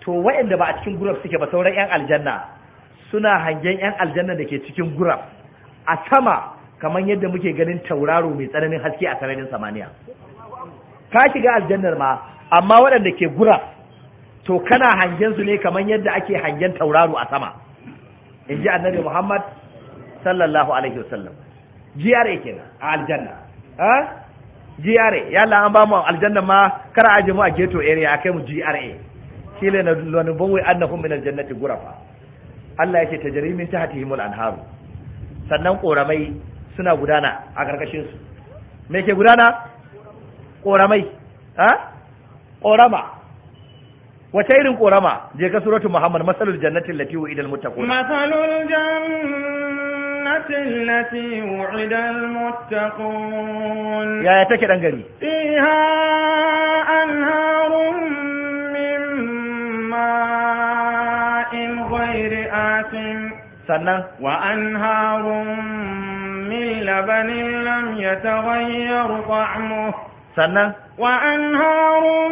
to waɗanda ba a cikin guraf suke ba sauran ƴan aljanna suna hangen ƴan aljanna da ke cikin gura a sama kamar yadda muke ganin tauraro mai tsananin haske a sararin samaniya ka shiga aljannar ma amma waɗanda ke guraf to kana hangen su ne kamar yadda ake hangen tauraro a sama in ji annabi muhammad sallallahu alaihi wasallam jiyare kenan a aljanna ha jiyare yalla an ba mu aljanna ma kar a aje mu a ghetto area kai mu jiyare shi ne na lanubawai annahum min aljannati gurafa Allah yake tajrimin min tahtihimul anhar sannan koramai suna gudana a karkashin su me ke gudana koramai ha korama wace irin korama je ga suratu muhammad masalul jannati allati wa'ida almuttaqun masalul jannati allati wa'ida almuttaqun yaya take dan gari fiha anharun min ma'in ghairi sannan wa anharun min labanin lam yataghayyar ta'muhu سنة وأنهار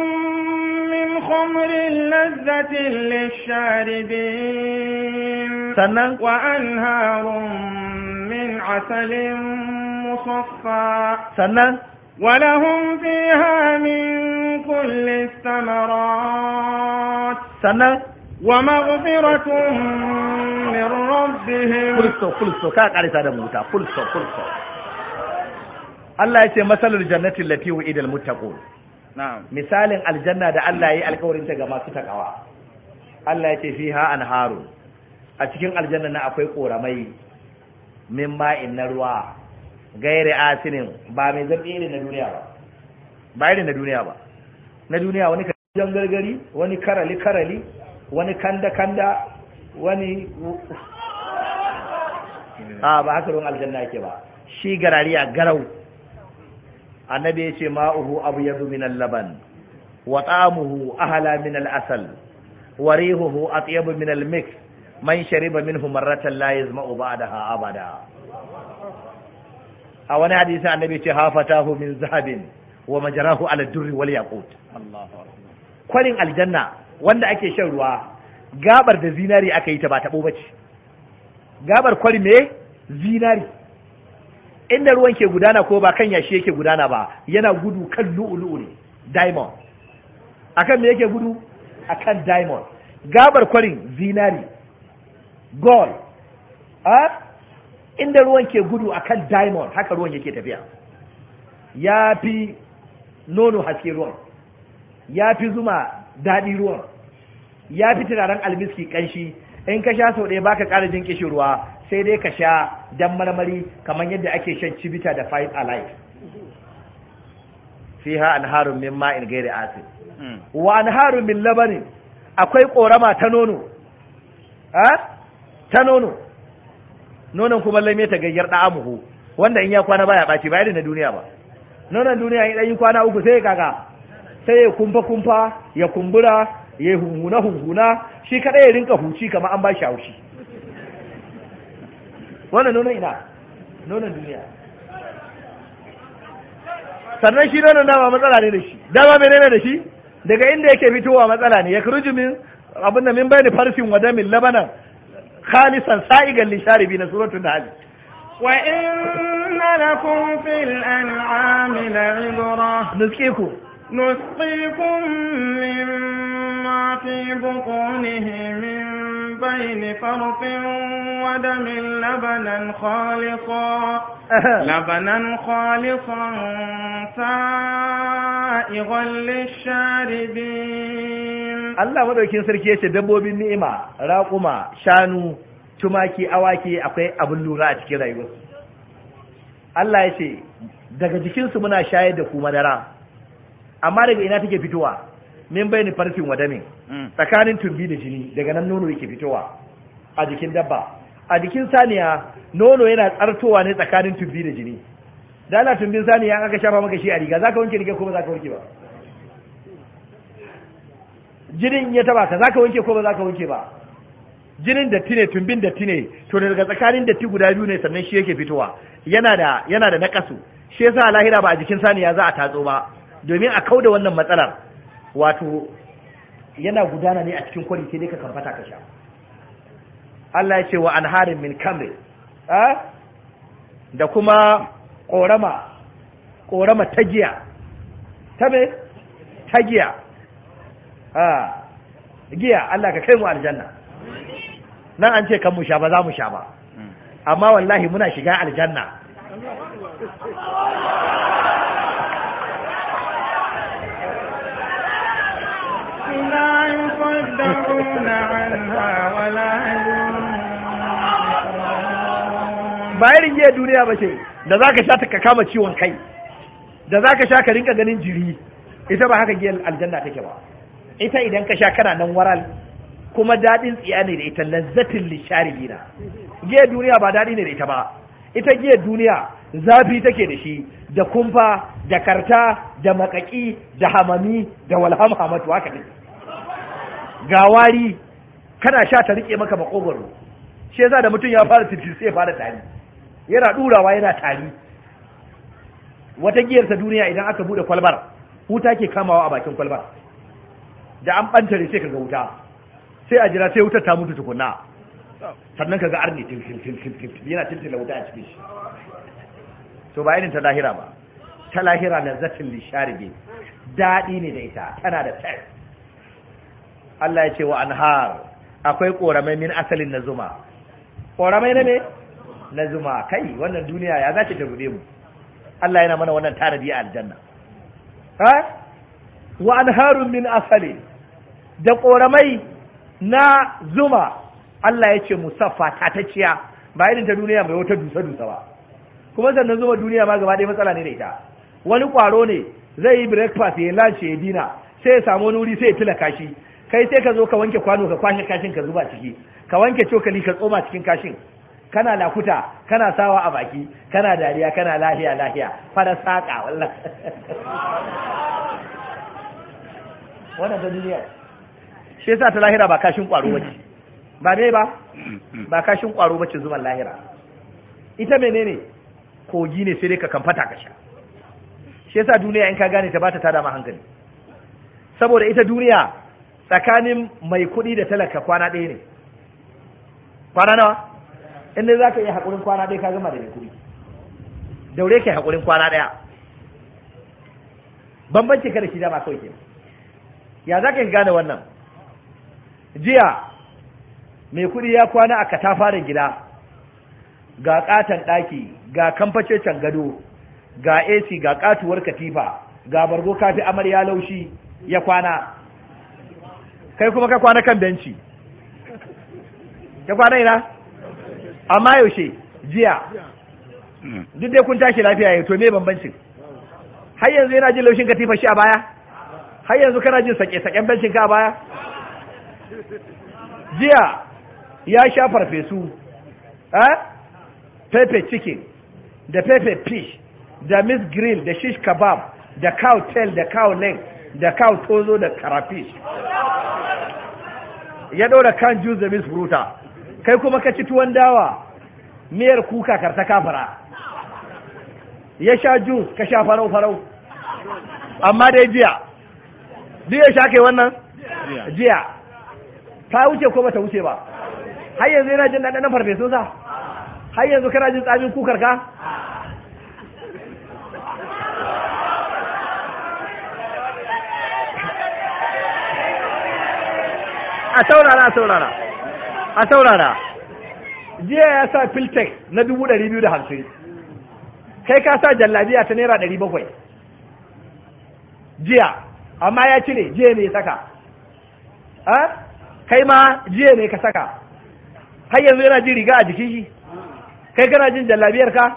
من خمر لذة للشاربين سنة وأنهار من عسل مصفى سنة ولهم فيها من كل الثمرات سنة ومغفرة من ربهم قل قل كل قل قل قل قل قل قل قل قل قل قل Allah ya ce masalul jannati lati idal muttaqun na'am misalin aljanna da Allah yayi alƙawarin ta ga masu takawa Allah ya ce fiha anharu a cikin aljanna na akwai koramai min ma'in na ruwa gairi asinin ba mai zabi irin na duniya ba ba irin na duniya ba na duniya wani kan gargari wani karali karali wani kanda kanda wani a ba haka ruwan aljanna yake ba shi garariya garau annabi ya ce ma'uhu abyadu min al-laban wa ta'amuhu ahla min al-asal wa rihuhu atyabu min al-mik man shariba minhu marratan la yazma'u ba'daha abada a wani hadisi annabi ce hafatahu min zahabin wa majarahu ala durri wal yaqut kwarin aljanna wanda ake shan ruwa gabar da zinari aka yi ta ba taɓo bace gabar kwari me zinari inda ruwan ke gudana ko ba kan yashi yake gudana ba yana gudu kan lu'ulu'u ne diamond akan me yake gudu akan diamond gabar kwarin zinari gold a inda ruwan ke gudu a kan diamond haka ruwan yake tafiya ya fi nono haske ruwan ya fi zuma daɗi ruwan ya fi turaren almiski ƙanshi in ka sha sau ɗaya baka ƙara jin sai dai ka sha dan marmari kamar yadda ake shan cibita da fight alive fiha anharun min ma'in ghairi asid hmm. wa anharun min labani akwai korama ta nono ha ta nono nonon kuma laime ta gayyar da amuhu wanda in ya kwana baya baci ba irin na duniya ba nonon duniya in dan yi kwana uku sai kaga sai ya kumfa kumfa ya kumbura ya hunhuna hunhuna shi kada ya rinka huci kamar an ba shi haushi wannan nuna ina nonon duniya sannan shi nuna dama matsala ne da shi dama menene da shi daga inda yake fitowa matsala ne ya kuruji min abin da min bayani farfin wa damin labanan khalisan sa'igan lisharibi na suratul nahl wa inna lakum fil an'ami la'ibra nuskiku نسقيكم مما في بطونه من بين فرط ودم لبنا خالصا لبنا خالصا سائغا للشاربين Allah madaukin sarki yace dabbobin ni'ima raƙuma shanu tumaki awaki akwai abin lura a cikin rayuwarsu Allah yace daga jikinsu muna shayar da ku madara amma daga ina take fitowa min bayani farfin wa hmm. tsakanin tumbi da jini daga nan nono yake fitowa a jikin dabba a jikin saniya nono yana tsartowa ne tsakanin tumbi da jini da ana tumbin saniya an aka shafa maka shi a riga zaka wanke riga ko ba zaka wanke ba jinin ya taba ka zaka wanke ko ba zaka wanke ba jinin da tine tumbin da tine to daga tsakanin datti guda biyu ne sannan shi yake fitowa yana da yana da nakasu shi yasa lahira ba a jikin saniya za a tatso ba domin a kau da wannan matsalar wato yana gudana ne a cikin kwari sai dai ka kamfata ka sha Allah ya ce wa anharin min kamri da kuma korama korama ta ta me ta giya giya Allah ka kai mu aljanna nan an ce kan mu sha ba za mu sha ba hmm. amma wallahi muna shiga aljanna لا يصدعون عنها ولا ba irin yi duniya ba ce da za ka sha ta kama ciwon kai da za ka sha ka rinka ganin jiri ita ba haka giyar aljanna take ba ita idan ka sha kana nan waral kuma daɗin tsiya ne da ita lazzatin lishari bina giyar duniya ba daɗi ne da ita ba ita giyar duniya zafi take da shi da kumfa da karta da makaki da hamami da walhamhamatu haka take ga wari kana sha ta rike maka makogwaro shi yasa da mutum ya fara titir sai fara tari yana durawa yana tari wata giyarsa duniya idan aka bude kwalbar wuta ke kamawa a bakin kwalbar da an bantare sai kaga wuta sai a jira sai wutar ta mutu tukunna sannan kaga arni til til yana tiltila wuta a cikin shi to ba irin ta lahira ba ta lahira na zatin lisharibi daɗi ne da ita tana da sex Allah ya ce wa anhar akwai koramai min asalin na zuma koramai na me na zuma kai wannan duniya ya za ta gube mu Allah yana mana wannan tanadi a aljanna ha wa anharun min asali da koramai na zuma Allah ya ce musaffa tatacciya ba irin ta duniya mai wata dusa dusa ba kuma sannan zuma duniya ma gaba ɗaya matsala ne da ita wani kwaro ne zai yi breakfast ya lunch ya dina sai ya samu wani wuri sai ya tilaka shi kai sai ka zo ka wanke kwano ka kwashe kashin ka zuba ciki ka wanke cokali ka tsoma cikin kashin kana lakuta kana sawa a baki kana dariya kana lahiya lahiya fara saka wallahi wannan ta duniya shi yasa ta lahira ba kashin kwaro bace ba dai ba ba kashin kwaro bace zuban lahira ita menene kogi ne sai dai ka kamfata ka sha shi yasa duniya in ka gane ta bata tada ma hankali saboda ita duniya tsakanin mai kuɗi da talaka kwana ɗaya ne kwana nawa in za zaka yi haƙurin kwana ɗaya ka gama da mai kuɗi daure ke haƙurin kwana ɗaya bambanci ka da shi dama kawai ke ya za ka gane wannan jiya mai kuɗi ya kwana a katafaren gida ga ƙaton ɗaki ga kamfacecen gado ga ac ga katuwar katifa ga bargo kafi amarya laushi ya kwana kai kuma ka kwana kan benci ka kwana ina amma yaushe jiya hmm. duk dai kun tashi lafiya ya to me bambancin har yanzu yana jin laushin katifa shi a baya har yanzu kana jin sake saken bencin ka a baya jiya ya sha farfesu eh pepe chicken da pepe fish da miss grill da shish kebab da cow tail da cow leg da cow tozo da karafish ya ɗora kan juice da miss fruta kai kuma ka ci tuwon dawa miyar kuka karta kafara ya sha juice ka sha farau farau amma dai jiya duk ya sha kai wannan jiya ta wuce ko ba ta wuce ba har yanzu yana jin ɗanɗanon farfesunsa har yanzu kana jin tsamin kukar ka a saurara a saurara a saurara jiya ya sa filtek na dubu ɗari biyu da hamsin kai ka sa jallabiya ta naira ɗari bakwai jiya amma ya cire jiya ne saka a kai ma jiya ne ka saka har yanzu yana jin riga a jikin shi kai kana jin jallabiyar ka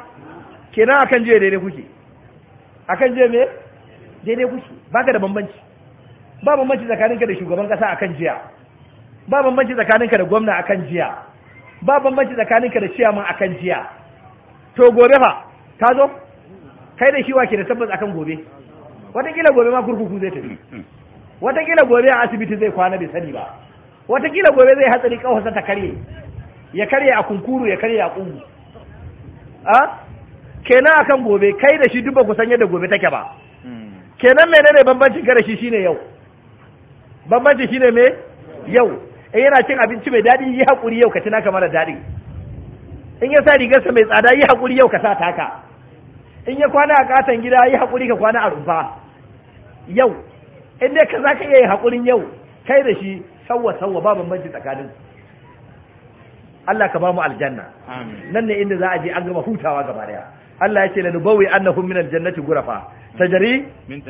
kenan akan jiya daidai kuke akan jiya me daidai kuke baka da bambanci ba bambanci tsakaninka da shugaban kasa akan jiya ba bambanci tsakaninka da gwamna akan jiya ba bambanci tsakaninka da ciyaman akan jiya to gobe fa ta zo kai da shi wake da tabbas akan gobe watakila gobe ma kurkuku zai tafi watakila gobe a asibiti zai kwana bai sani ba watakila gobe zai hatsari kawasa ta karye ya karye a kunkuru ya karye a kungu a kenan akan gobe kai da shi duk ba ku san yadda gobe take ba hmm. kenan menene bambancin ka da shi shine yau bambancin shine me yau in eh, yana cin abinci mai daɗi yi haƙuri yau ka ci naka mara daɗi in ya sa rigarsa mai tsada yi haƙuri yau ka sa taka in ya kwana a katon gida yi haƙuri ka kwana a rumfa yau in dai ka za ka iya yi haƙurin yau kai da shi sauwa sauwa ba bambanci tsakanin Allah ka ba mu aljanna nan ne inda za a je an gama hutawa gaba daya Allah ya ce lanubawi annahum min aljannati gurafa tajri min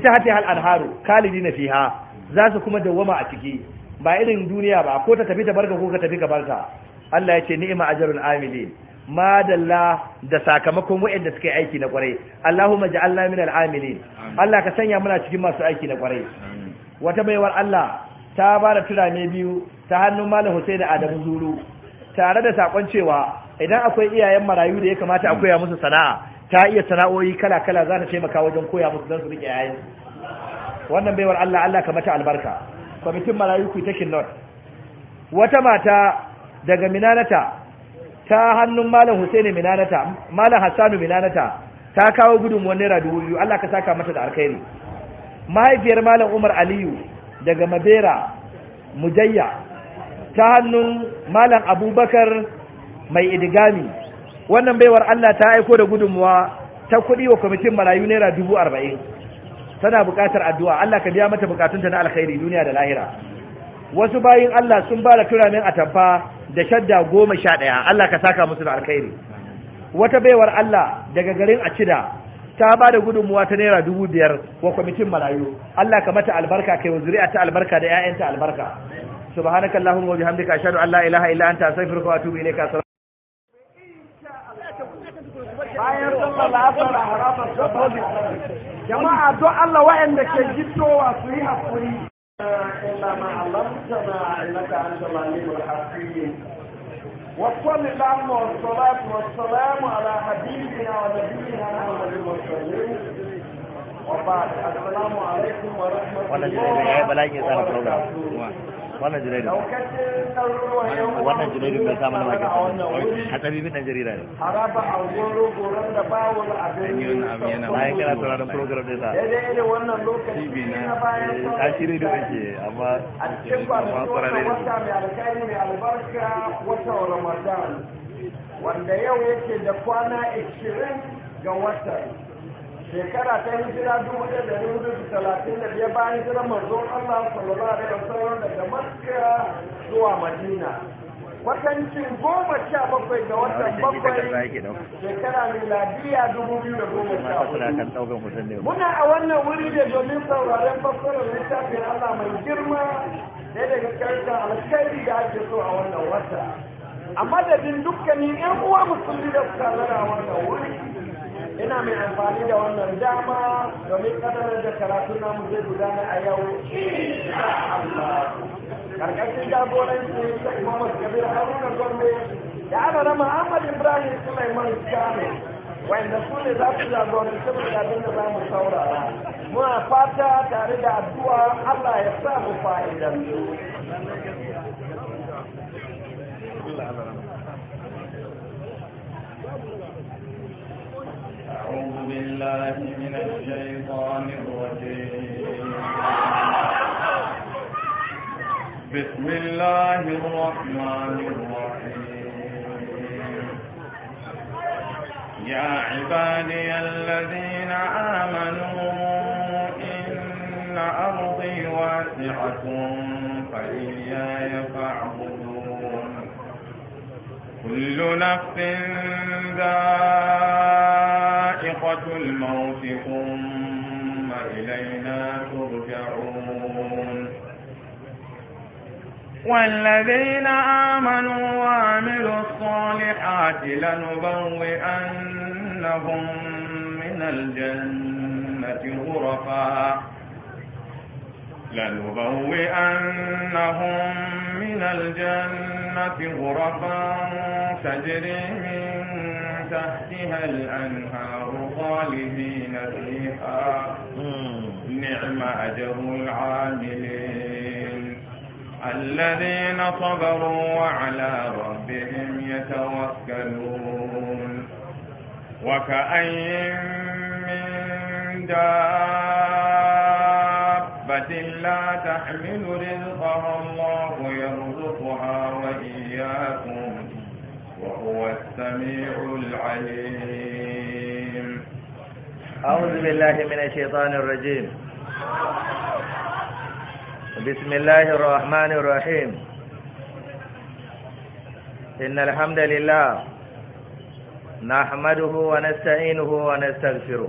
tahtiha al-anharu khalidina fiha za su kuma dawwama a ciki ba irin duniya ba ko ta tafi ta barka ko ka tafi ka barka Allah ya ce a ajrul amilin madalla da sakamakon wa'anda suka yi aiki na kwarai Allahumma ja'alna min al-amilin Allah ka sanya muna cikin masu aiki na kwarai wata baiwar Allah ta ba da turame biyu ta hannun Malam Hussein da Adamu Zuru tare da sakon cewa idan akwai iyayen marayu da ya kamata a koya musu sana'a ta iya sana'o'i kala kala za ta taimaka wajen koya musu don su rike yayin wannan baiwar Allah Allah ka mata albarka kwamitin malayuku ta kinnon wata mata daga minanata ta hannun malam husaini minanata malam hassanu minanata ta kawo gudun naira dubu biyu allah ka saka mata da alkhairi mahaifiyar malam umar aliyu daga mabera mujayya ta hannun malam abubakar mai idigami wannan baiwar allah ta aiko da gudunmuwa ta kuɗi wa kwamitin marayu naira dubu arba'in tana buƙatar addu'a Allah ka biya mata buƙatunta na alkhairi duniya da lahira wasu bayin Allah sun ba da turamin atamfa da shadda goma sha ɗaya Allah ka saka musu da alkhairi wata baiwar Allah daga garin a cida ta ba da gudunmuwa ta naira dubu biyar wa kwamitin marayu Allah ka mata albarka kai wa zuri'a ta albarka da 'ya'yanta albarka subhanakallahumma wa bihamdika ashhadu an la ilaha illa anta astaghfiruka wa atubu ilayka bayan sallar la'asar a harabar sabbabi jama'a don Allah wa'anda ke gittowa su yi haƙuri illa ma allamtana innaka antal alimul hakim وصل اللهم والصلاة والسلام على حبيبنا ونبينا محمد المرسلين وبعد السلام عليكم ورحمة الله وبركاته wannan jiraidin wannan jiraidin bai samu na magana hatsari bi dan jarida ne haraba a goro goron da bawul abin yana bayan kana sauraron program din sa daidai wannan lokaci bi na tasiri da kake amma amma kwarare da wata mai alkhairi mai albarka wata ramadan wanda yau yake da kwana 20 ga watan shekara ta jira dubu ɗaya da hudu dubu talatin da biyar bayan hijirar manzon Allah sallallahu alaihi wasallam daga Makka zuwa Madina kwatancin goma sha bakwai ga watan bakwai shekara miladiya dubu biyu da goma sha hudu muna a wannan wuri da domin sauraren fassarar littafin Allah mai girma ɗaya daga karshen alkhairi da ake so a wannan wata a madadin dukkanin 'yan uwa musulmi da suka zara a wannan wuri ina mai amfani da wannan dama domin kadarar da karatu namu zai gudana a yau karkashin jagoranci da imamu kabir haruna gombe da ana rama ahmad ibrahim sulaiman shami wanda su ne za su jagoranci mutanen da za mu saurara muna fata tare da addu'a allah ya sa mu fa'idan أعوذ بالله من الشيطان الرجيم بسم الله الرحمن الرحيم يا عبادي الذين آمنوا إن أرضي واسعة فإياي فاعبدون كل نفس ذائقة الموت ثم إلينا ترجعون والذين آمنوا وعملوا الصالحات لنبوئنهم من الجنة غرفا لنبوئنهم من الجنة غرفا تجري من تحتها الأنهار خالدين فيها نعم أجر العاملين الذين صبروا وعلى ربهم يتوكلون وكأين من دار دابة لا تحمل رزقها الله يرزقها وإياكم وهو السميع العليم أعوذ بالله من الشيطان الرجيم بسم الله الرحمن الرحيم إن الحمد لله نحمده ونستعينه ونستغفره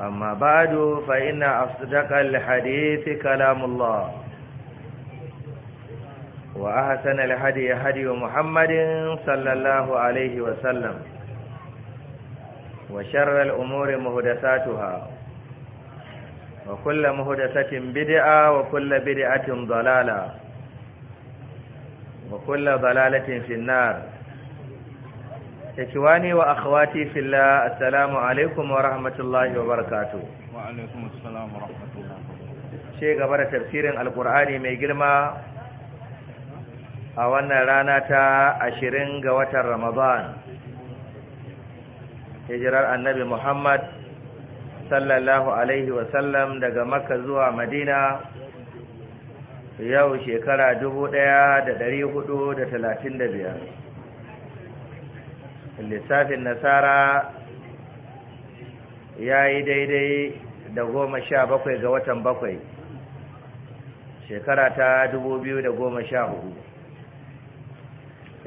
أما بعد فإن أصدق الحديث كلام الله وأحسن الهدي هدي محمد صلى الله عليه وسلم وشر الأمور مهدساتها وكل مهدسة بدعة وكل بدعة ضلالة وكل ضلالة في النار ikhwani wa akhawati filla, assalamu alaikum wa rahmatullahi wa barakatuh wa alaikum assalam wa rahmatullahi ce gaba da tafsirin alkur'ani mai girma a wannan rana ta ashirin ga watan ramadan hijirar annabi muhammad sallallahu alaihi wasallam daga makka zuwa madina yau shekara dubu ɗaya da da ɗari hudu talatin biyar. lissafin nasara ya yi daidai da goma sha bakwai ga watan bakwai shekara ta dubu biyu da goma sha hudu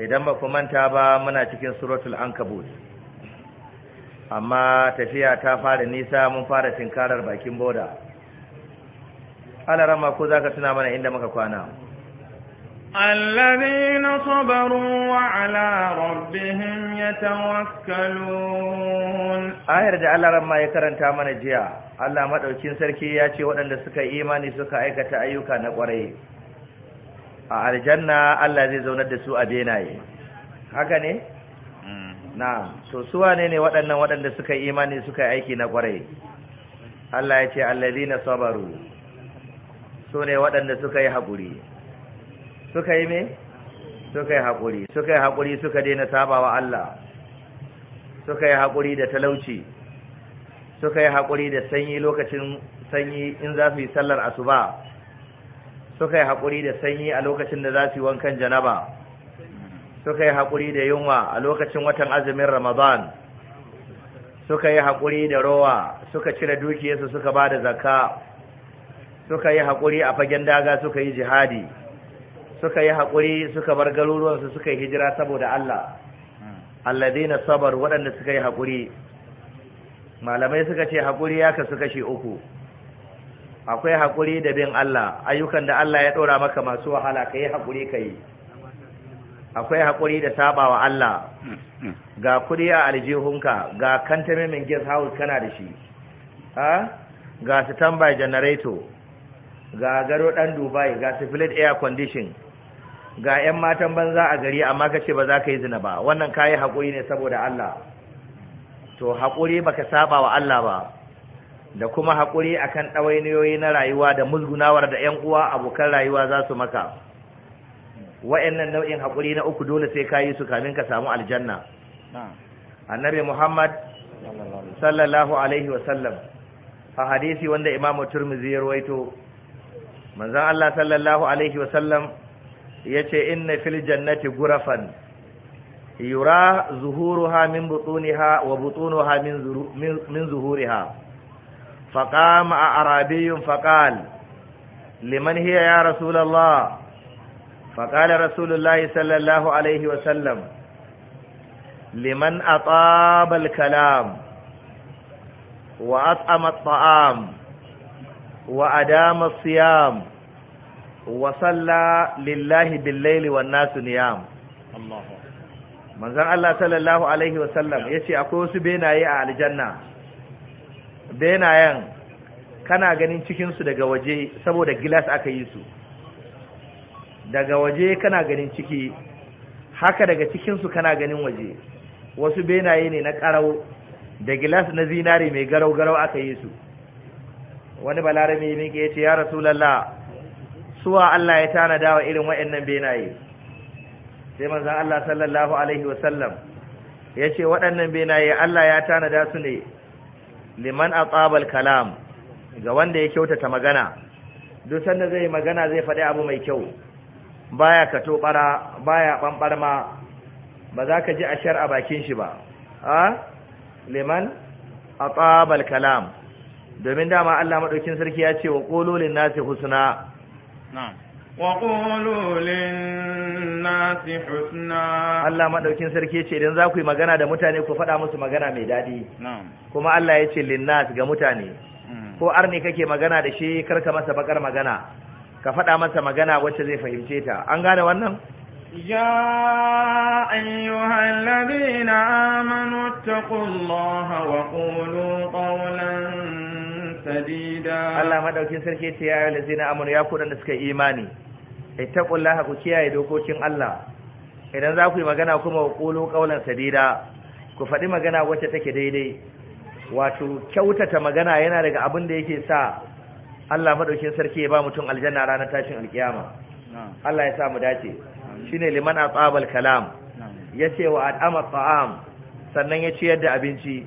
idan ba ku manta ba muna cikin suratul an amma tafiya ta fara nisa mun fara tinkarar bakin boda rama ko za ka tuna mana inda muka kwana الذين صبروا وعلى ربهم يتوكلون ayar da Allah ran ma ya karanta mana jiya Allah madaukin sarki ya ce waɗanda suka imani suka aikata ayyuka na ƙwarai a aljanna Allah zai zaunar da su a benaye haka ne mm. na to su wane ne waɗannan waɗanda suka imani suka aiki na ƙwarai Allah ya ce allazina sabaru su ne waɗanda suka yi haƙuri suka yi me suka yi haƙuri suka yi haƙuri suka daina sabawa Allah suka yi haƙuri da talauci suka yi haƙuri da sanyi lokacin sanyi in za su yi sallar asuba suka yi haƙuri da sanyi a lokacin da za su yi wankan janaba suka yi haƙuri da yunwa a lokacin watan azumin ramadan suka yi haƙuri da rowa suka cire dukiyarsu suka ba da zakka suka yi haƙuri a fagen daga suka yi jihadi suka yi hakuri suka bar garuruwansu suka yi hijira saboda Allah alladina sabar waɗanda suka yi haƙuri malamai suka ce hakuri ya kasu kashi uku akwai haƙuri da bin Allah ayyukan da Allah ya ɗora maka masu wahala ka yi haƙuri ka yi akwai hakuri da sabawa Allah ga kuɗi a aljihunka ga kantamin gas house kana da shi ga standby generator ga garo ɗan dubai ga split air condition ga 'yan matan banza a gari amma ka ce ba za ka yi zina ba wannan kayi hakuri ne saboda Allah to haƙuri baka saba wa Allah ba da kuma haƙuri akan ɗawainiyoyi na rayuwa da musgunawar da 'yan uwa abokan rayuwa za su maka wa'annan nau'in hakuri na uku dole sai ka yi su kamin ka samu aljanna annabi muhammad sallallahu alaihi wasallam a hadisi wanda imamu turmizi ya rawaito manzon allah sallallahu alaihi wasallam ya ce inna fil jannati gurafan yura zuhuru ha min butuni ha wa butuni ha min zuhuri ha faƙama a arabiyun faƙal liman hiya ya rasulallah faƙalar rasulallah sallallahu alaihi wasallam liman a tsabal kalam wa a tsamar wa adama damar siyam wa salla lillahi bil-laili wan nasu niyam manzon Allah sallallahu alaihi wa sallam yace akwai wasu benaye a aljanna benayen kana ganin cikin su daga waje saboda gilas aka yi su daga waje kana ganin ciki haka daga cikin su kana ganin waje wasu benaye ne na karau da gilas na zinare mai garau garau aka yi su wani balarami ne ke yace ya rasulullah suwa Allah ya tanada wa irin waɗannan benaye sai manzon Allah sallallahu alaihi wa ya ce waɗannan benaye Allah ya tanada su ne liman atsabal kalam ga wanda ya kyautata magana duk sanda zai magana zai faɗi abu mai kyau baya kato bara baya bambarma ba za ka ji a shar a bakin shi ba a liman atsabal kalam domin dama Allah maɗaukin sarki ya ce wa ƙololin nasi husna na'am وقولوا للناس حسنا Allah maɗaukin sarki ce idan za ku yi magana da mutane ku faɗa musu magana mai daɗi kuma Allah ya ce linnas ga mutane ko ar ne kake magana da shi karka masa bakar magana ka faɗa masa magana wacce zai fahimce ta an gane wannan يا أيها الذين آمنوا اتقوا الله وقولوا قولا sadida Allah madaukin sarki ce ya ayyuhal ladzina amanu ya ku da suka imani ittaqullaha ku kiyaye dokokin Allah idan za ku yi magana kuma kulo kaulan sadida ku faɗi magana wacce take daidai wato kyautata magana yana daga abin da yake sa Allah madaukin sarki ya ba mutum aljanna ranar tashin alkiyama Allah ya sa mu dace shine liman aqabal kalam yace wa adama ta'am sannan ya ciyar da abinci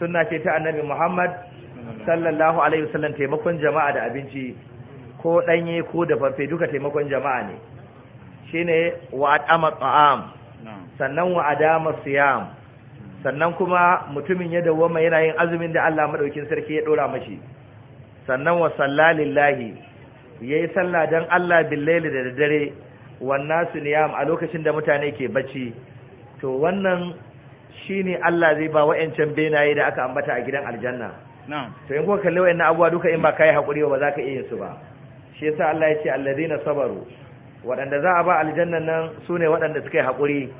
sunna ce ta annabi Muhammad sallallahu alaihi wasallam taimakon jama'a da abinci ko danye ko dafaffe duka taimakon jama'a ne shine wa atama ta'am sannan wa adama siyam sannan kuma mutumin ya dawoma yana yin azumin da Allah madaukin sarki ya dora mashi sannan wa sallallahi yayi sallah dan Allah billaili da dare wannan nasu niyam a lokacin da mutane ke bacci to wannan shine Allah zai ba wa'ancan benaye da aka ambata a gidan aljanna to in kuma kalli wayannan abubuwa duka in ba kai hakuri ba za ka iya su ba shi yasa Allah ya ce na sabaru waɗanda za a ba aljannan nan su ne waɗanda suka yi hakuri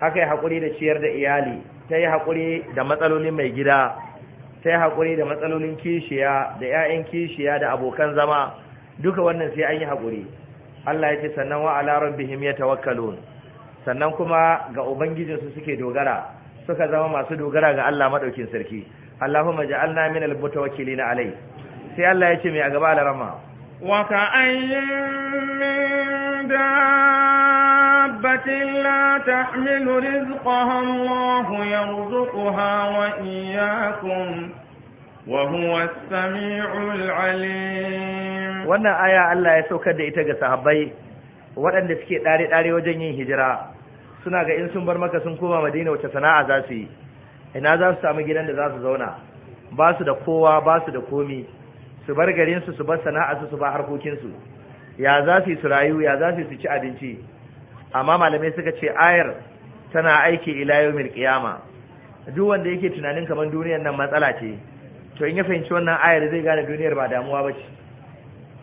aka yi hakuri da ciyar da iyali ta yi hakuri da matsalolin mai gida ta yi hakuri da matsalolin kishiya da 'ya'yan kishiya da abokan zama duka wannan sai an yi hakuri Allah ya ce sannan wa ala rabbihim yatawakkalun sannan kuma ga ubangijinsu suke dogara suka zama masu dogara ga Allah madaukin sarki Allahumma ja'alna min al-mutawakkilina alai sai Allah ya ce mai a gaba da rama wa ka min dabbatin la tahmilu rizqaha Allahu yarzuquha wa iyyakum wa huwa as-sami'ul alim wannan aya Allah ya saukar da ita ga sahabbai waɗanda suke ɗare-ɗare wajen yin hijira suna ga in sun bar maka sun koma madina wace sana'a za su yi ina za su samu gidan da za su zauna ba su da kowa ba su da komi su bar garinsu su bar sana'arsu su ba harkokinsu ya za su yi su rayu ya za su yi su ci abinci amma malamai suka ce ayar tana aiki ila yawmil qiyama duk wanda yake tunanin kamar duniyar nan matsala ce to in ya fahimci wannan ayar zai gane duniyar ba damuwa ba ce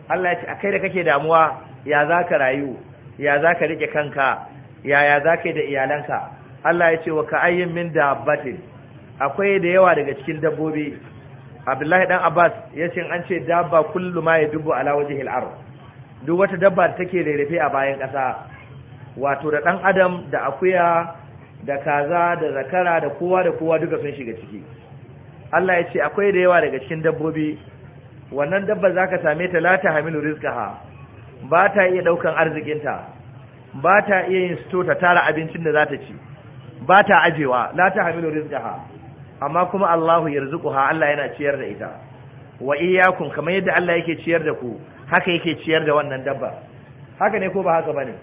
Allah ya ce akai da kake damuwa ya za ka rayu ya za ka rike kanka Ya ya za ka yi da iyalanka Allah ya ce wa ka ayyin min dabbatin akwai da yawa daga cikin dabbobi abdullahi dan abbas ya ce an ce dabba kullu ma yadubu ala wajhil ard duk wata dabba da take rarrafe a bayan ƙasa wato da dan adam da akuya da kaza da zakara da kowa da kowa duka sun shiga ciki Allah ya ce akwai da yawa daga cikin dabbobi wannan dabba zaka same ta la ta hamilu rizqaha ba ta iya daukan arzikinta ba ta iya yin sito ta tara abincin da za ta ci ba ta ajewa la ta hamilu rizqaha amma kuma Allahu yarzuquha Allah yana ciyar da ita wa iyyakum kamar yadda Allah yake ciyar da ku haka yake ciyar da wannan dabba haka ne ko ba haka bane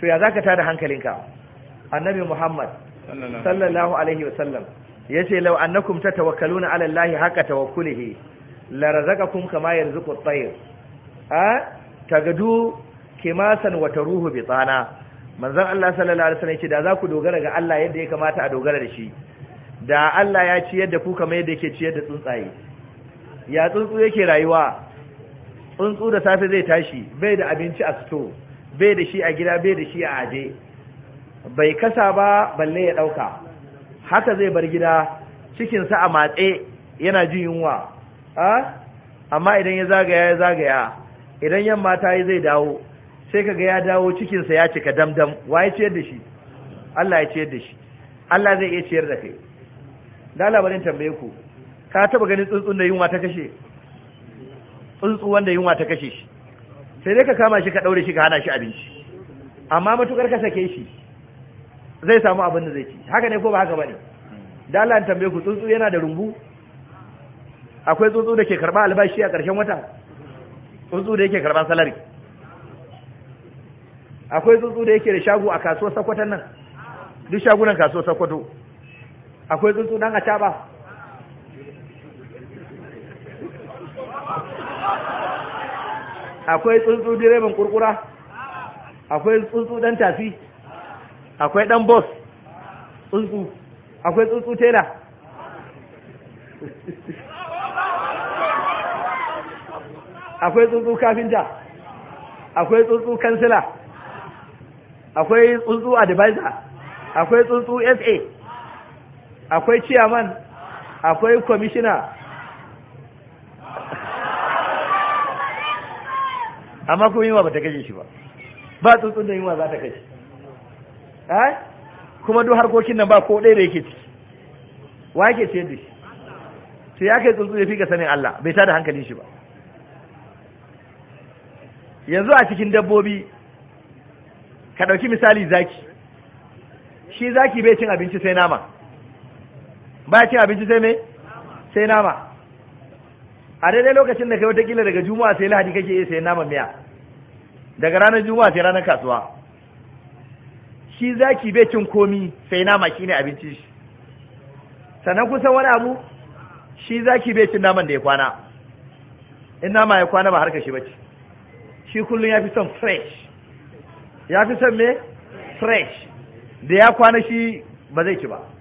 to ya zaka tada hankalinka annabi Muhammad sallallahu alaihi wa sallam yace law annakum tatawakkaluna ala Allah haka tawakkulihi la razaqakum kama yarzuqu at-tayr a tagadu kimasan wa taruhu bi tsana manzon Allah sallallahu alaihi wa sallam yace da za ku dogara ga Allah yadda ya kamata a dogara da shi da Allah ya ciyar da kuka mai yadda yake ciyar da tsuntsaye ya tsuntsu yake rayuwa tsuntsu da safe zai tashi bai da abinci a sito bai da shi a gida bai da shi a aje bai kasa ba balle ya ɗauka haka zai bar gida cikinsa a matse yana jin yunwa amma idan ya zagaya ya zagaya idan yamma ta yi zai dawo sai kaga ya dawo cikinsa ya cika damdam wa ya ciyar da shi Allah ya ciyar da shi Allah zai iya ciyar da kai da labarin tambaye ku ka taba ganin tsuntsun da yunwa ta kashe tsuntsu wanda yunwa ta kashe shi sai dai ka kama shi ka daure shi ka hana shi abinci amma matukar ka sake shi zai samu abin da zai ci haka ne ko ba haka bane da Allah tambaye ku tsuntsu yana da rumbu akwai tsuntsu da ke karba albashi a ƙarshen wata tsuntsu da yake karban salari akwai tsuntsu da yake da shago a kasuwar sakwatan nan duk shagunan kasuwar sakwato akwai tsuntsu a ba. akwai tsuntsu direban kurkura akwai tsuntsu dan tafi akwai dan bos tsuntsu akwai tsuntsu tela akwai tsuntsu kafinta akwai tsuntsu kansila akwai tsuntsu advisor akwai tsuntsu sa akwai ciyaman akwai kwamishina amma kuma yunwa ba ta kashe shi ba ba tsuntsun da yunwa za ta kashe eh? kuma duk harkokin nan ba ko ɗaya da yake ciki wa yake ce da shi to ya kai tsuntsun ya fi ka sanin Allah bai tada hankalin shi ba yanzu a cikin dabbobi ka ɗauki misali zaki shi zaki bai cin abinci sai nama ba cin abinci sai me sai nama a daidai lokacin da kai watakila daga juma'a sai lahadi kake iya sayan naman miya daga ranar juma'a sai ranar kasuwa shi zaki bai cin komi sai nama shine abinci shi sannan kusan wani abu shi zaki bai cin naman da ya kwana in nama ya kwana ba harka shi bace shi kullum ya fi son fresh ya fi son me fresh da ya kwana shi ba zai ci ba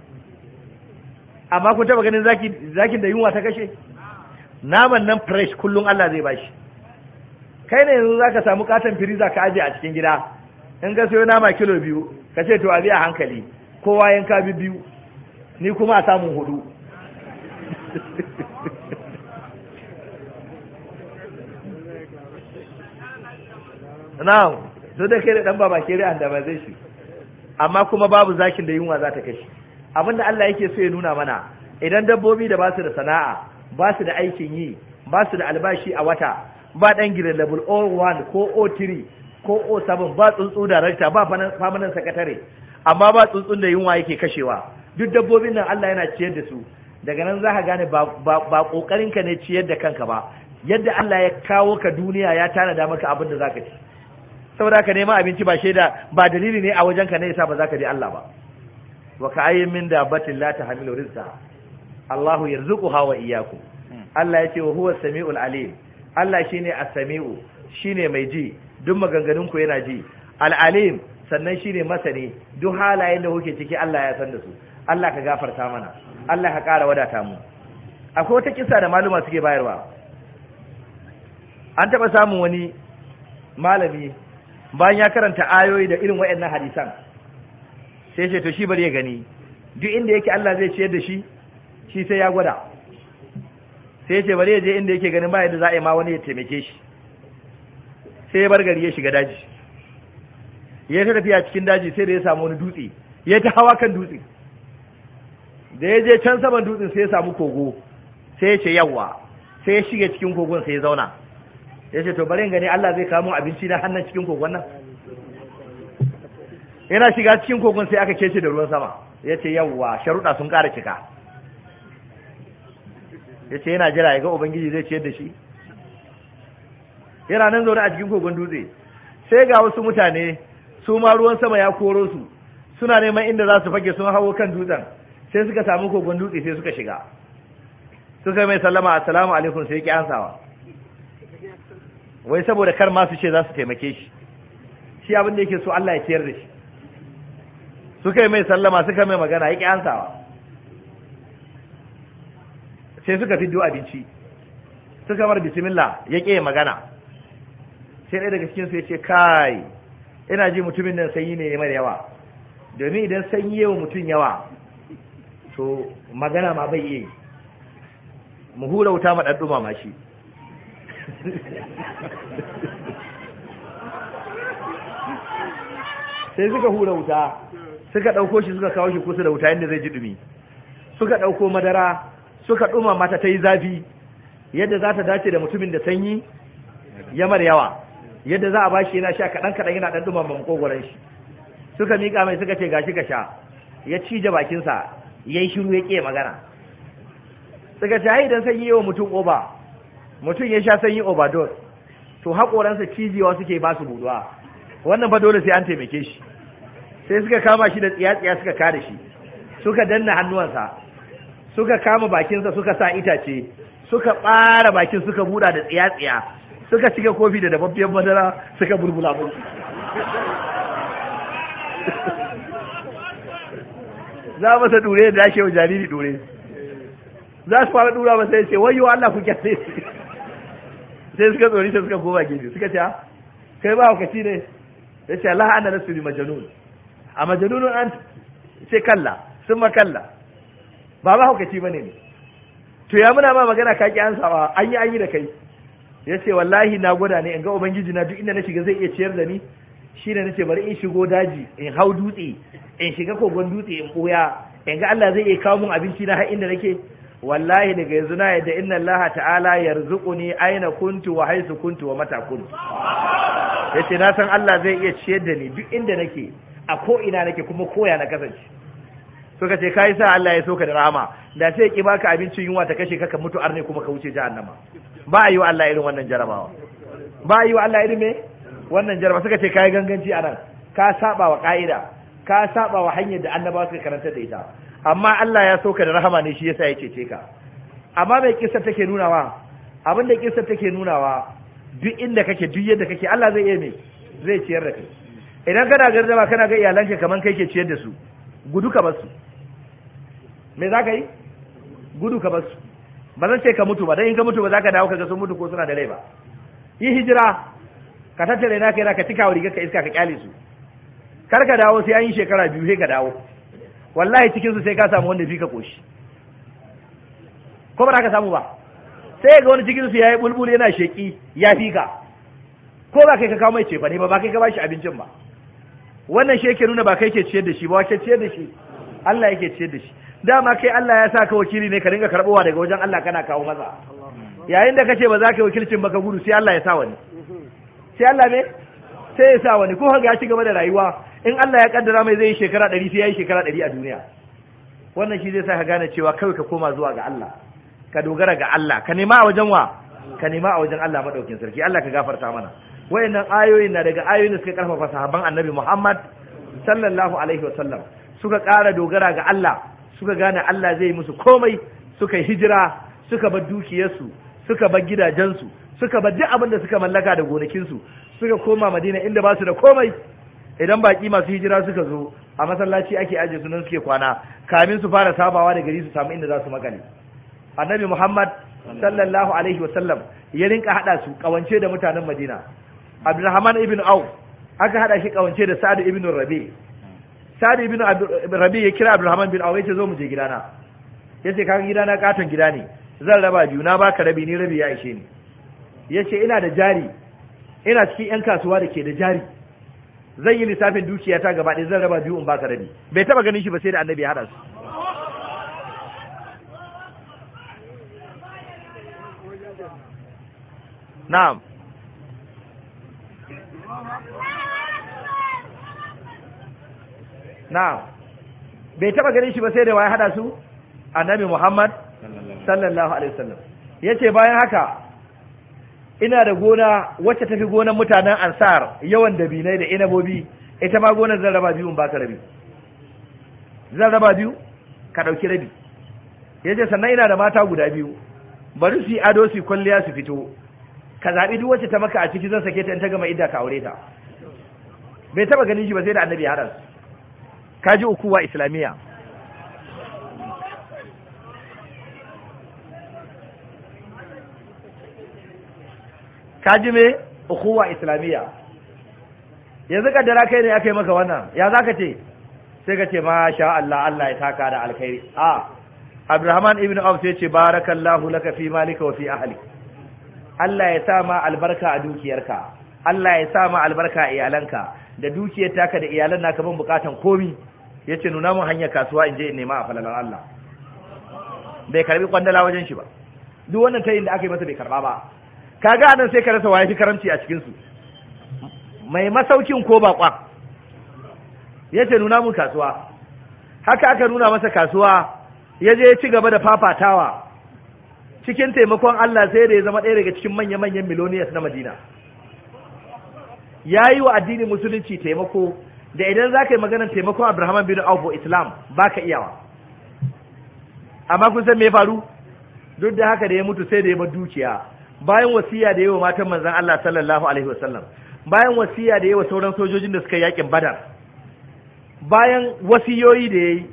amma kun taba ganin zakin da yunwa ta kashe naman nan fresh kullum Allah zai bashi kai ne yanzu zaka samu katon firiza ka aje a cikin gida in ga sayo nama kilo biyu ka ce to a biya hankali kowa ka bi biyu ni kuma a samun hudu na'am to da kai da dan baba kere an da ba zai shi amma kuma babu zakin da yunwa za ta kashe abinda Allah yake so ya nuna mana idan dabbobi da ba su da sana'a ba su da aikin yi ba su da albashi a wata ba dan gidan level O1 ko O3 ko O O7 ba tsuntsu director ba famanan sakatare amma ba tsuntsun da yunwa yake kashewa duk dabbobin nan Allah yana ciyar da su daga nan za ka gane ba kokarin ka ne ciyar da kanka ba yadda Allah ya kawo ka duniya ya tanada maka abin da zaka ci saboda ka nema abinci ba shaida ba dalili ne a wajen ka ne yasa ba zaka ji Allah ba wa ka'ayyin min dabatin la tahmilu rizqa Allahu yarzuquha wa iyyakum Allah yake wa huwa samiul alim Allah shine as-sami'u shine mai ji duk maganganun ku yana ji al-alim sannan shine masani duk halayen da kuke ciki Allah ya san da su Allah ka gafarta mana Allah ka kara wadata mu akwai wata kisa da maluma suke bayarwa an taɓa samun wani malami bayan ya karanta ayoyi da irin waɗannan hadisan sai ce to shi bari ya gani duk inda yake Allah zai ciyar da shi shi sai ya gwada sai ce bari ya je inda yake ganin ba yadda za a yi ma wani ya taimake shi sai ya bar gari ya shiga daji ya ta tafiya cikin daji sai da ya samu wani dutse ya ta hawa kan dutse da ya je can saman dutsen sai ya samu kogo sai ya ce yawa sai ya shiga cikin kogon sai ya zauna ya ce to bari in gani Allah zai kawo abinci na hannun cikin kogon nan yana shiga cikin kogon sai aka kece da ruwan sama ya ce yawwa sharuɗa sun ƙara cika ya ce yana jira ya ga ubangiji zai ciyar da shi yana nan zaune a cikin kogon dutse sai ga wasu mutane su ma ruwan sama ya koro su suna neman inda za su fage sun hawo kan dutsen sai suka samu kogon dutse sai suka shiga suka mai sallama assalamu alaikum sai ki ansawa wai saboda kar ma su ce za su taimake shi shi abin da yake so Allah ya ciyar da shi suka yi mai sallama suka mai magana ya ansawa sai suka fiddo abinci suka mara bismillah ya ƙi magana sai ɗaya daga cikinsu ya ce kai ina ji mutumin nan sanyi ne mai yawa domin idan sanyi yawa mutum yawa to magana ma bai yi mu hura wuta ma mamashi sai suka hura wuta suka ɗauko shi suka kawo shi kusa da wuta yadda zai ji ɗumi suka ɗauko madara suka ɗuma mata ta yi zafi yadda za ta dace da mutumin da sanyi ya mar yawa yadda za a ba shi yana sha kaɗan kaɗan yana ɗan ɗumama gwaran shi suka miƙa mai suka ce gashi ka sha ya cije bakinsa ya yi shiru ya ƙe magana suka ce haidan idan sanyi yawa mutum oba mutum ya sha sanyi overdose to haƙoransa cijewa suke ba su buɗuwa wannan ba dole sai an taimake shi sai suka kama shi da tsiya-tsiya suka kare shi suka danna hannuwansa suka kama bakinsa suka sa itace suka ɓara bakin suka buɗa da tsiya-tsiya suka cika kofi da dababbiyar madara suka burbula musu za masa dure da ake wa jariri dure za su fara dura masa yace ce wayo Allah ku kyale sai suka tsori sai suka goma gefe suka ce ah, kai ba ka ci ne ya ce Allah anna nasu bi majanun a majalunan an sai kalla sun ma kalla. ba ba haukaci ba ne to ya muna ma magana ka ki ansawa an yi an yi da kai ya ce wallahi na gwada ne in ga ubangiji na duk inda na shiga zai iya ciyar da ni shi ne na ce bari in shigo daji in hau dutse in shiga kogon dutse in boya in ga Allah zai iya kawo mun abinci na har inda nake wallahi daga yanzu na yadda inna Allah ta'ala yarzuquni aina kuntu wa haisu kuntu wa mata kuntu yace na san Allah zai iya ciyar da ni duk inda nake a ko ina nake kuma koya na kasance So ka ce ka yi sa Allah ya ka da rahama da sai ki baka abincin yunwa ta kashe ka mutu arne kuma ka wuce jahannama ba a yi wa Allah irin wannan jarabawa ba a yi wa Allah irin me wannan jarabawa suka ce kai ganganci a nan. ka saba wa ka'ida ka saba wa hanyar da annabawa suka karanta da ita amma Allah ya ka da rahama ne shi yasa ya cece ka amma mai kissa take nunawa abin da kissa take nunawa duk inda kake duk yadda kake Allah zai iya me zai ciyar da kai idan kana garzama kana ga ka kaman kai ke ciyar da su gudu ka basu me za ka yi gudu ka basu ba zan ce ka mutu ba dan in ka mutu ba za ka dawo ka ga sun mutu ko suna da rai ba yi hijira ka tattare naka yana ka tika wa rigar ka iska ka kyale su kar ka dawo sai an yi shekara biyu sai ka dawo wallahi cikin su sai ka samu wanda fi ka koshi ko ba ka samu ba sai ga wani cikin su yayi bulbul yana sheki ya fi ka ko ba kai ka kawo mai cefane ba ne ba ba kai ka bashi abincin ba wannan shi yake nuna ba kai ke ciyar da shi ba wake ciyar da shi Allah yake ciyar da shi dama kai Allah ya sa ka wakili ne ka dinga karbowa daga wajen Allah kana kawo maza yayin da kace ba za ka wakilcin ba ka gudu sai Allah ya sa wani sai Allah ne sai ya sa wani ko ga ya ci gaba da rayuwa in Allah ya kaddara mai zai yi shekara 100 sai ya yi shekara 100 a duniya wannan shi zai sa ka gane cewa kawai ka koma zuwa ga Allah ka dogara ga Allah ka nema a wajen wa ka nema a wajen Allah madaukin sarki Allah ka gafarta mana wayannan ayoyin na daga ayoyin da suka karfafa sahabban annabi Muhammad sallallahu alaihi wasallam suka ƙara dogara ga Allah suka gane Allah zai musu komai suka hijira suka bar dukiyarsu suka bar gidajensu suka bar duk abin da suka mallaka da gonakinsu suka koma Madina inda ba su da komai idan baki masu hijira suka zo a masallaci ake aje sunan suke kwana kamin su fara sabawa da gari su samu inda za su makale annabi Muhammad sallallahu alaihi wasallam ya rinka hada su kawance da mutanen Madina abdurrahman ibn Aw aka hada shi kawance da sa'ad ibn rabi sa'ad ibn rabi ya kira abdurrahman bin aw yace zo mu je gidana yace kaga gidana katon gida ne zan raba biyu na baka rabi ni rabi ya ishe ni yace ina da jari ina cikin yan kasuwa da ke da jari zan yi lissafin dukiya ta gaba ɗaya zan raba biyu in baka rabi bai taba ganin shi ba sai da annabi ya hada su na'am na bai taba ganin shi ba sai da waye hada su annabi Muhammad sallallahu alaihi wasallam yace bayan haka ina da gona wacce tafi gonan mutanen ansar yawan dabinai da inabobi ita ma gonar zan raba biyu in baka rabi zan raba biyu ka dauki rabi yace sannan ina da mata guda biyu bari su yi ado su kwalliya su fito ka zaɓi duk wacce ta maka a ciki zan sake ta in ta gama idda ka aure ta bai taba ganin shi ba sai da annabi ya haɗa su kaji ukuwa islamiyya kaji me ukuwa islamiyya yanzu kaddara kai ne aka yi maka wannan ya za ka ce sai ka ce masha Allah Allah ya taka da alkhairi a Abdurrahman ibn Auf sai ce barakallahu laka fi malika wa fi ahli Allah ya sa ma albarka a dukiyarka Allah ya sa ma albarka a iyalanka da dukiyar taka da iyalan naka ban bukatan komi ya ce nuna mun hanyar kasuwa in je in nema a falalar Allah bai karbi kwandala wajen shi ba duk wannan tayin da aka yi masa bai karba ba kaga anan sai ka rasa waye fi karamci a cikin su mai masaukin ko bakwa ya ce nuna mun kasuwa haka aka nuna masa kasuwa ya je ya ci gaba da fafatawa cikin taimakon Allah sai da ya zama ɗaya daga cikin manya-manyan miloniyas na Madina ya yi wa addinin musulunci taimako da idan za ka yi maganar taimakon abraham bin aufo islam ba ka iyawa amma kun san me faru duk da haka da ya mutu sai da ya bar dukiya bayan wasiya da ya wa matan manzon Allah sallallahu alaihi wasallam bayan wasiya da ya sauran sojojin da suka yakin badar bayan wasiyoyi da ya yi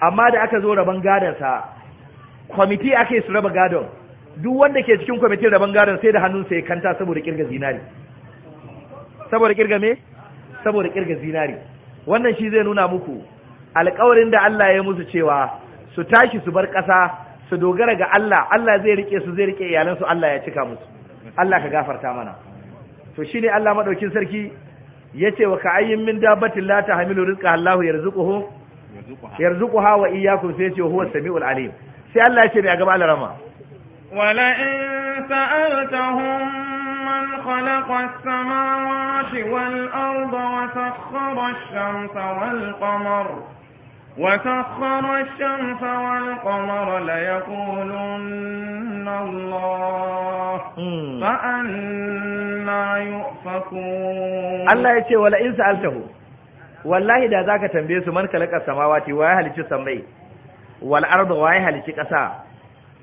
amma da aka zo rabon sa. kwamiti ake su raba gadon duk wanda ke cikin kwamitin rabon gadon sai da hannunsa ya kanta saboda kirga zinari saboda kirga me saboda kirga zinari wannan shi zai nuna muku alkawarin da Allah ya musu cewa su tashi su bar ƙasa su dogara ga Allah Allah zai rike su zai rike iyalansu Allah ya cika musu Allah ka gafarta mana to shine Allah madaukin sarki yace wa ayyin min dabbatin la tahmilu rizqa Allah yarzuquhu yarzuquha wa iyyakum sai yace huwa samiul alim sai Allah ya ce mai a gaba alarama wala in sa'altahum من خلق السماوات والأرض وسخر الشمس والقمر وسخر الشمس والقمر ليقولن الله فأنا يؤفكون الله يتي ولا إن سألته والله da zaka tambaye su man kalaka samawati waye halicci sammai wal ardu waye halicci ƙasa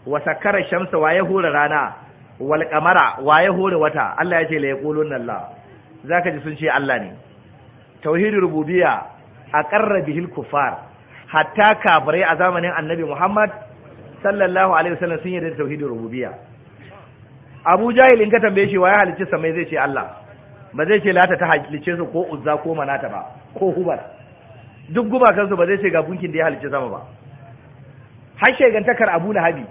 wa sakkara shamsa waye hura rana wal wa waye hore wata Allah ya ce la yaqulun Allah zaka ji sun ce Allah ne tauhidur rububiyya aqarra bihil kufar hatta kafirai a zamanin annabi Muhammad sallallahu alaihi wasallam sun yarda da tauhidur rububiyya Abu Jahil in ka tambaye shi waye halicce samai zai ce Allah ba zai ce lata ta halicce su ko uzza ko manata ba ko hubar duk gumakansu ba zai ce ga bunkin da ya halicce sama ba har shegantakar Abu Lahabi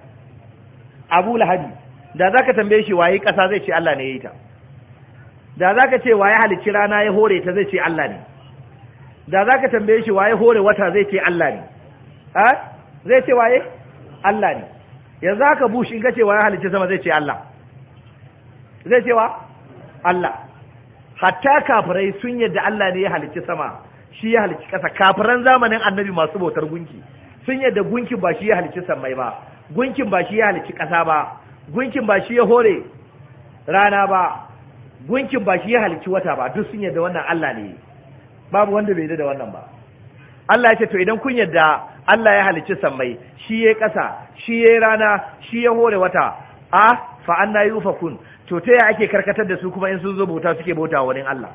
Abu Lahabi da za ka tambaye shi waye ƙasa zai ce Allah ne ya yi ta da za ka ce waye halicci rana ya hore ta zai ce Allah ne da za ka tambaye shi waye hore wata zai ce Allah ne a zai ce waye Allah ne yanzu haka bush in kace waye halicci sama zai ce Allah zai ce wa Allah hatta kafirai sun yadda Allah ne ya halicci sama shi ya halicci ƙasa kafiran zamanin annabi masu bautar gunki sun yadda gunkin ba shi ya halicci sammai ba gunkin ba shi ya halicci ƙasa ba gunkin ba shi ya hore rana ba gunkin ba shi ya halicci wata ba duk sun yadda wannan Allah ne babu wanda bai yadda da wannan ba Allah ya ce to idan kun yadda Allah ya halicci sammai shi ya ƙasa shi ya rana shi ya hore wata a fa anna yufakun to ta ya ake karkatar da su kuma in sun zo bauta suke bauta wani Allah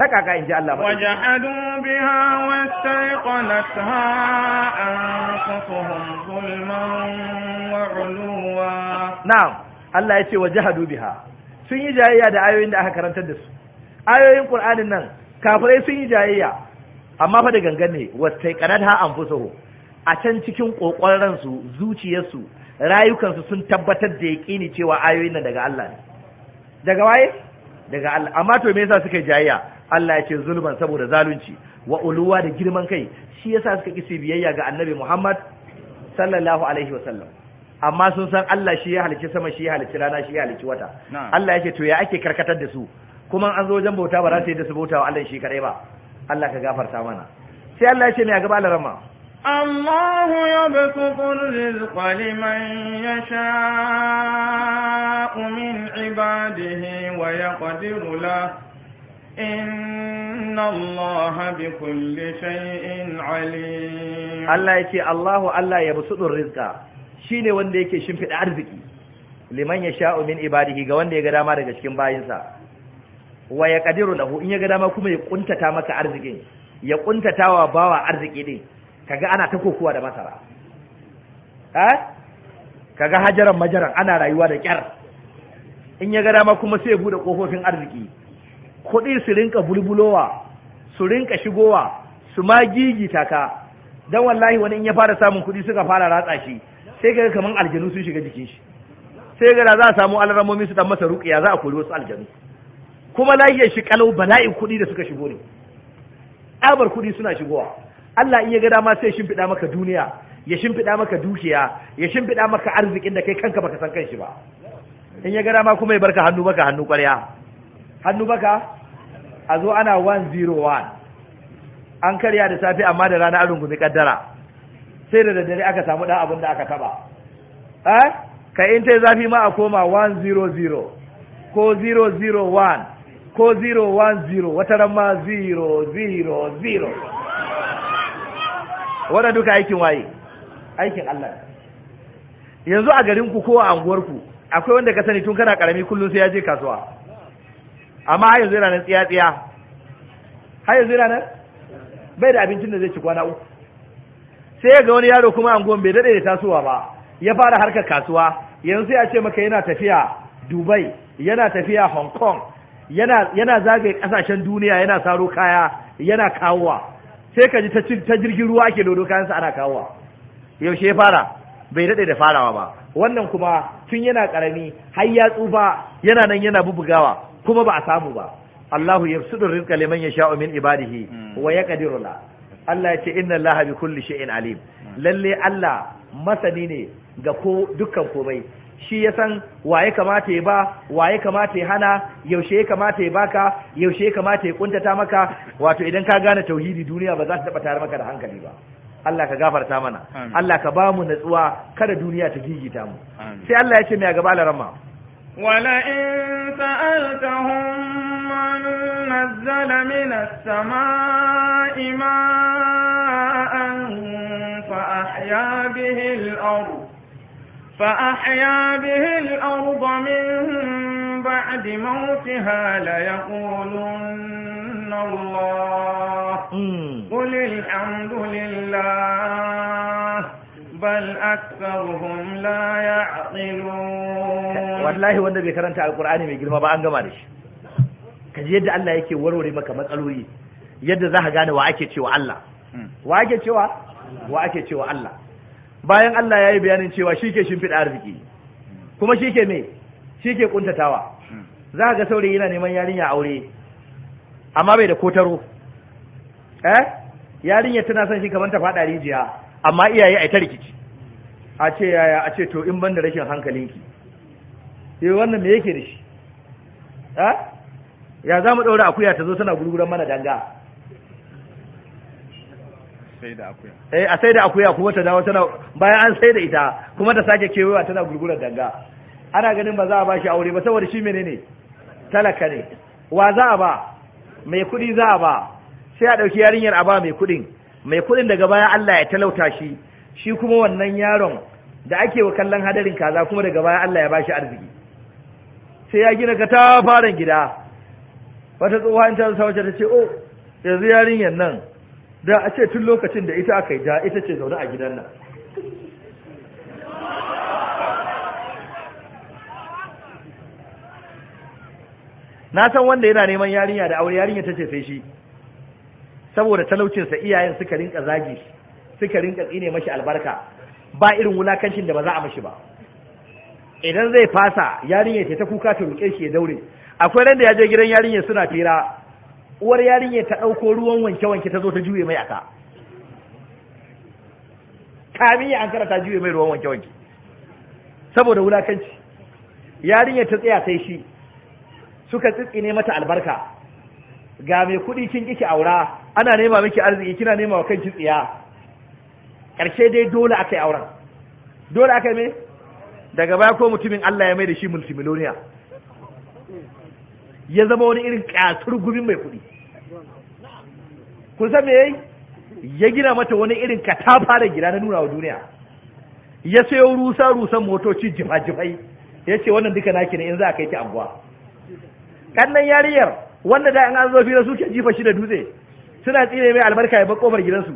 ta kaka in ji Allah ba wajahadu biha wastaiqanatha anfusuhum zulman wa uluwa na'am Allah ya ce wajahadu biha sun yi jayayya da ayoyin da aka karantar da su ayoyin Kur'anin nan kafirai sun yi jayayya amma fa da gangan ne wastaiqanatha anfusuhum a can cikin ƙoƙon su zuciyarsu rayukansu sun tabbatar da yaƙini cewa ayoyin nan daga Allah ne daga waye daga Allah amma to me yasa suka yi jayayya Allah ya ce zulman saboda zalunci wa uluwa da girman kai shi yasa suka kisi biyayya ga annabi Muhammad sallallahu alaihi sallam amma sun san Allah shi ya halicci sama shi ya halicci rana shi ya halicci wata Allah ya ce to ya ake karkatar da su kuma an zo wajen bauta ba za su yi da su bauta wa Allah shi kadai ba Allah ka gafarta mana sai Allah ya ce me ya gaba alarama الله rizqa liman لمن min ibadihi wa yaqdiru له إن الله بكل شيء عليم الله يكي الله الله يبسط الرزق شيني وندي يكي shimfida arziki, liman ya sha'u min ibadihi ga wanda ya ga dama daga cikin bayinsa wa ya kadiru lahu in ya ga dama kuma ya kuntata maka arzikin ya kuntatawa wa bawa arziki din kaga ana ta kokuwa da masara eh kaga hajaran majaran ana rayuwa da kyar in ya ga dama kuma sai ya bude kofofin arziki kuɗi su rinka bulbulowa su rinka shigowa su ma gigita ka dan wallahi wani in ya fara samun kuɗi suka fara ratsa shi sai ga kaman aljanu sun shiga jikin shi sai ga za a samu alramomi su dan masa ruqiya za a kori wasu aljanu kuma lafiyar shi kalau bala'in kuɗi da suka shigo ne abar kuɗi suna shigowa Allah in ya ga dama sai shimfiɗa maka duniya ya shimfiɗa maka dukiya ya shimfiɗa maka arzikin da kai kanka baka san shi ba in ya ga dama kuma ya barka hannu baka hannu ƙwarya hannu baka a zo ana 101 an karya da safe amma da rana an rungumi kaddara sai da daddare aka samu dan abin da aka taba eh ka in tai zafi ma a koma 100 ko 001 ko 010 wata ran ma 000 wannan duka aikin waye aikin Allah yanzu a garin ku ko a anguwar ku akwai wanda ka sani tun kana karami kullun sai ya je kasuwa amma har yanzu yana nan tsiya tsiya har yanzu yana nan bai da abincin da zai ci kwana uku sai ga wani yaro kuma an bai daɗe da tasowa ba ya fara harkar kasuwa yanzu ya ce maka yana tafiya Dubai yana tafiya Hong Kong yana yana zagaye kasashen duniya yana saro kaya yana kawowa sai ka ji ta ta jirgin ruwa ake dodo kayan sa ana kawowa yaushe ya fara bai daɗe da farawa ba wannan kuma tun yana karami har ya tsufa yana nan yana bubugawa kuma ba a samu ba Allahu yabsudu rizqa liman yasha'u min ibadihi hmm. wa yaqdiru la Allah yace inna Allaha bi kulli shay'in alim hmm. lalle Allah masani ne ga ko dukkan komai shi ya san waye kamata ya ba waye kamata ya hana yaushe ya kamata ya baka yaushe ya kamata ya kuntata maka wato idan ka gane tauhidi duniya ba za ta taba tare maka da hankali ba Allah ka gafarta mana Allah ka ba mu natsuwa kada duniya ta gigita mu sai Allah ya ce mai gaba larama ولئن سألتهم من نزل من السماء ماء فأحيا به الأرض فأحيا به الأرض من بعد موتها ليقولن الله قل الحمد لله بل أكثرهم لا يعقلون والله وانا بيكرنت على القرآن من جلما بقى أنجم عليش kaji yadda Allah yake warware maka matsaloli yadda za ka gane wa ake cewa Allah hmm. wa ake cewa wa ake cewa Allah bayan Allah ya yi bayanin cewa shi ke shimfiɗa arziki kuma shi ke me shi ke ƙuntatawa hmm. za ga saurayi yana neman yarinya aure amma bai da kotaro eh yarinya tana son shi kamar ta faɗa rijiya amma iyaye a ta rikici a ce yaya a ce to in ban da rashin hankalinki eh wannan me yake da shi ha ya za mu ɗaura akuya ta zo tana gurguran mana danga eh a sai da akuya kuma ta dawo tana bayan an sai da ita kuma ta sake kewewa tana gurguran danga ana ganin ba za a ba shi aure ba saboda shi menene talaka ne wa za a ba mai kuɗi za a ba sai a ɗauki yarinyar a ba mai kuɗin mai kuɗin daga baya Allah ya talauta shi shi kuma wannan yaron da ake wa kallon hadarin kaza kuma daga baya Allah ya ba shi arziki sai ya gina kata farin gida wata tsohuwa in ta wacce ta ce oh yanzu yarinyar nan da a ce tun lokacin da ita aka yi ita ce zaune a gidan nan na san wanda yana neman yarinya da aure yarinya ta ce sai shi saboda talaucinsa iyayen suka rinka zagi suka rinka tsine mashi albarka ba irin wulakancin da ba za a mashi ba idan zai fasa yarinya ta kuka ta roƙe shi ya daure akwai ran da ya je gidan yarinya suna fira uwar yarinya ta ɗauko ruwan wanke-wanke ta zo ta juye mai aka kamin ya ankara ta juye mai ruwan wanke-wanke saboda wulakanci yarinya ta tsaya sai shi suka tsitsine mata albarka ga mai kuɗi kin kike aura ana nema miki arziki kina nema wa kanki tsiya karshe dai dole aka yi auren dole aka me daga baya ko mutumin Allah ya mai da shi multimiloniya ya zama wani irin ƙatur gubin mai kuɗi kun san me yayi ya gina mata wani irin katafa da gida na nuna wa duniya ya sayo rusa rusan motoci jifa-jifai ya ce wannan duka naki ne in za a kai ki anguwa kannan yarinyar wanda da an zo fira suke jifa shi da dutse suna tsire mai albarka ya bar gidansu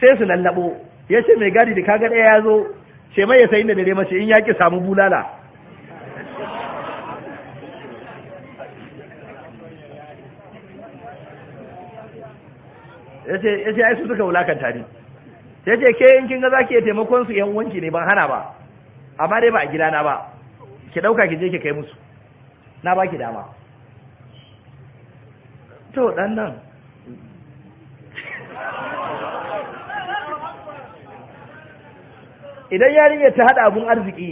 sai su lallabo ya ce mai gadi da kaga ɗaya ya zo ce mai ya sayin da dare mace in ya ki samu bulala ya ce ai su suka wulakanta ni ya ce ke in kin ga zaki ki iya taimakon su yan wanki ne ban hana ba amma dai ba a gidana ba ki ɗauka ki je ki kai musu na ba ki dama to dan nan idan yarinyar ta haɗa abun arziki